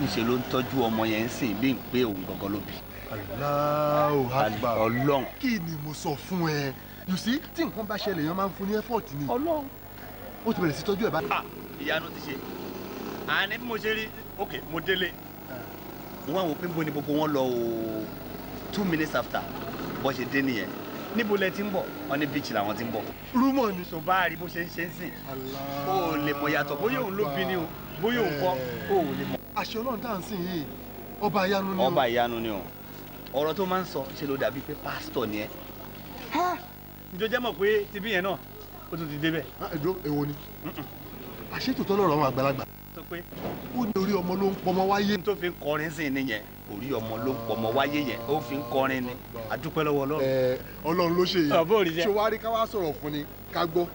níṣẹ́ ló ń tọ́jú ọmọ yẹn ń sìn bí n pé òun gangan ló bí. Allahu Akbar Ọlọ́run. kí ni mo sọ fún ẹ you see tí nǹkan bá ṣẹlẹ̀ yẹn máa ń fún ní effort ni. Ọlọ́run ó ti bẹ̀rẹ̀ sí tọ́jú ẹ̀ báyìí. Ah, ìyanu ti ṣe àní bí mo ṣe rí ok mo délé mo wá wò pé níbo ni gbogbo wọn lọ o two minutes after bó ṣe dé nìyẹn níbo lẹ ti ń bọ̀ wọn ní beach làwọn ti ń bọ̀. rúmọ̀ ni. sọ bá a rí bó ṣe ń ṣe ń sìn. o lè mọ̀ yàtọ̀ bóyá òun ló bí ni o bóyá òun kọ́ o lè mọ̀ àṣẹ ọlọ́run tá à ń sìn yìí ọba ìyanu ni o. ọba ìyanu ni o ọ̀rọ̀ tó máa ń sọ ṣe ló dàbí pé pásítọ̀ ni ẹ. ǹjọ́ jẹ́ mọ̀ pé tibí yẹn náà ó tún ti débẹ̀. Ah, ẹ̀dọ́ èwo ni àṣẹ tòótọ́ lọ́rọ̀ àwọn àgbàlagbà. sọ pé ó ní orí ọmọ ló ń pọmọ wáyé. tó fi ń kọrin sí ni yẹn orí ọmọ ló ń pọmọ wáyé yẹn ó fi ń kọrin ni àdúpẹ́ lọ́wọ́ ọlọ́run. ẹ ọlọ́run ló ṣe yìí ṣé ká wá sọ̀rọ̀ fún ni ká gbọ́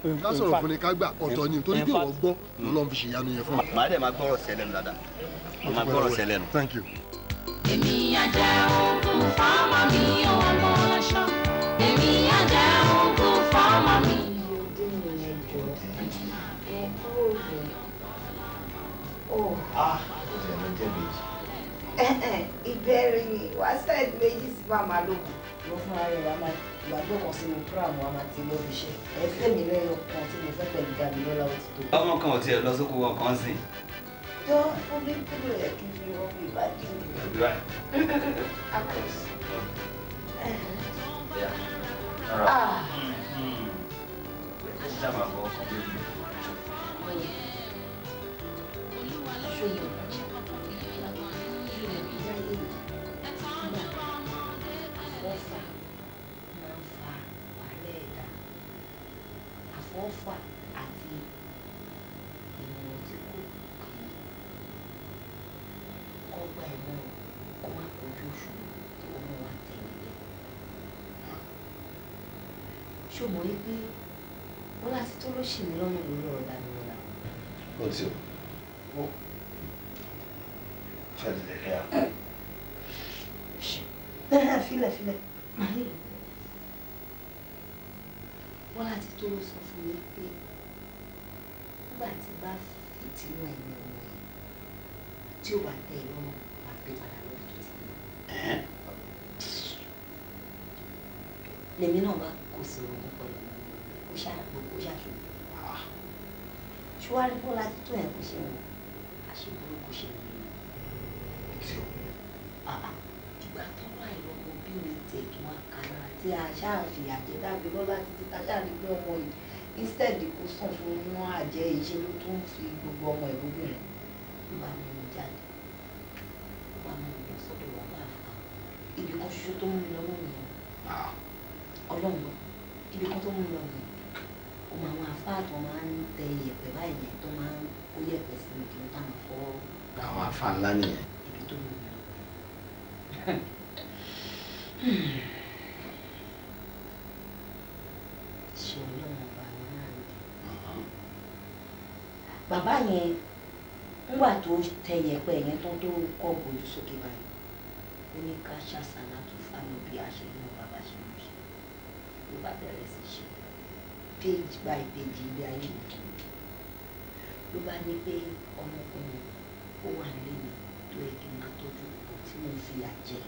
ọmọ agbọ́rọ̀ sẹlẹ̀ thank you. èmi àjẹ́ ogun fáwọn mi ọmọ ọlọ́ṣọ́ èmi àjẹ́ ogun fáwọn mi. Ah, ìbẹ̀rẹ̀ ni wàásù méjì sí màmá lókun ló fún ara rẹ̀ wá máa ìgbàgbọ́ sínú pram wa máa ti lọ fi ṣe ẹ fẹ́ mi lẹ́yìn ọkàn tí mo fẹ́ pẹ̀lú dàbí lọ́la ọmọ kan ò tiẹ̀ lọ sóko wọn kan sìn jọ ó ní kúrò yẹ kí n fi wọ́n fi ìbàdí. akọ̀sí. Ofa. ṣó mọ̀ yí pé wọ́n láti tó ló ṣì ní lọ́nà lórí ọ̀rọ̀ dànù ọ̀la. ó ti ó fẹ́lẹ̀ rẹ̀ á. bẹ́ẹ̀ filẹ̀ filẹ̀ màá yìí wọ́n láti tó ló sọ fún mi pé nígbà tí bá fìtínú ẹ̀yìn ọmọ yìí tí ó bá tẹ̀ lọ́rùn máa gbé padà lọ́dún tó ti bí lèmi náà bá kò sí oògùn pẹ̀lú kò ṣàgbò kò ṣàṣùgbò ṣùwárí bọ́lá ti tó yẹn kò ṣe wọn àṣìbúrú kò ṣe wọn. ìgbà tó wà ìlọ́mọ bí mi tẹ̀ tó wá kàrà tí a ṣáà fi àjẹdá bí bọ́lá ti ti ta ṣáà ní pé ọmọ yìí instead kò sàn fún wọn àjẹ ìṣe ló tó ń fi gbogbo ọmọ ẹ̀ bóbìnrin ló bá mi mú jáde ló bá mi lọ sọ́dọ̀ wọn bá fà ibi kan ṣoṣo tó mú mi lọ́wọ́ nìyẹn ọlọ́run ibi kan tó ń lọ rẹ̀ ó máa wọn afá tó máa ń tẹ iyẹ̀pẹ̀ báyìí tó máa ń kó yẹ̀pẹ̀ sí mi kí n táwọn fọ́. àwọn afá ńlá nìyẹn. ibi tó ń lọ. ṣé ọlọ́run ọba náà ni. Uh-huh. bàbá yẹn nígbà tó tẹ iyẹ̀pẹ̀ yẹn tó tó kọ́ gòlù sókè báyìí ó ní ká ṣàṣàlà fáwọn bí a ṣe ń lọ bàbá ṣe ń ṣe ló bá bẹ̀rẹ̀ sí ṣe page by page ilé ayé mi ló bá ní pé ọmọkùnrin ó wà nílé mi tó yẹ kí n máa tọ́jú òkú tí mo fi àjẹ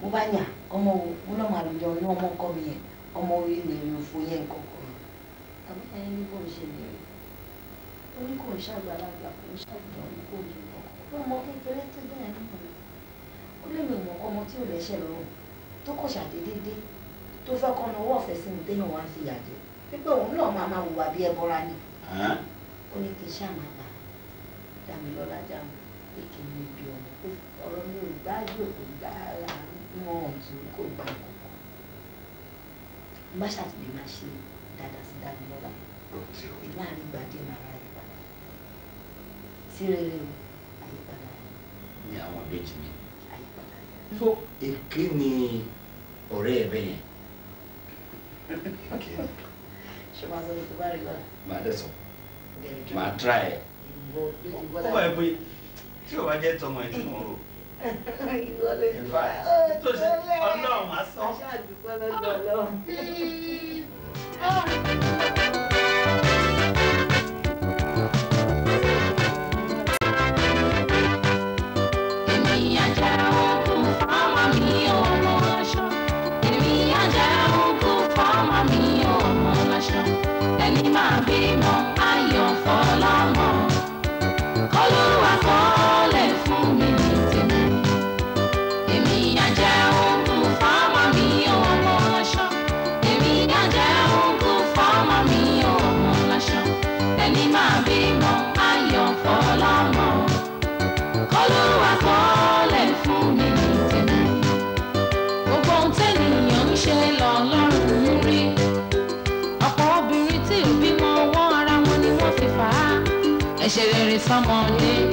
mo bá yàn ọmọ wo mo lọ́mọ àlùjọ ní ọmọ ọkọ mi yẹn ọmọ orí mi rí òfò yẹn nǹkan kan àbí ẹni ní bóun ṣe lè rí ó ní kò ń ṣàgbàlagbà kò ń ṣàgbà òun kò ń jù ọkọ ọmọ kékeré tó bẹ́ẹ̀ ní ọmọ ó lè mọ̀ ọmọ tí ò lẹ́sẹ̀ lọ́rùn tó kọ̀ ṣàdédé dé tó fẹ́ kọ́ náwó ọ̀fẹ́ sí mi téèyàn wá ń fi yàjẹ́ pípẹ́ òun náà máa máa hùwà bí ẹbọra ni ó ní kí n ṣáà máa bà Dámilọ́lá jáàmù pé kí n lè bí ọmọ pé ọ̀rọ̀ mi ò gbá yóò kò gbá ara wọn ọ̀tún kò gbà kọ̀ọ̀kan má ṣàtìlè máa ṣe dáadáa sí Dámilọ́lá láàrin gbàdé màrá ìpadà sí rere o àyípadà. ní àwọn méjì mi so èké ni ọ̀rẹ́ ẹ̀ bẹ́ẹ̀ yẹn. ṣé máa sọ tó bá rí bá. máa dẹ̀ sọ máa tra ẹ̀. ó wà pé tí o bá jẹ́ tọmọ ẹ̀ tí mo chérie le monter.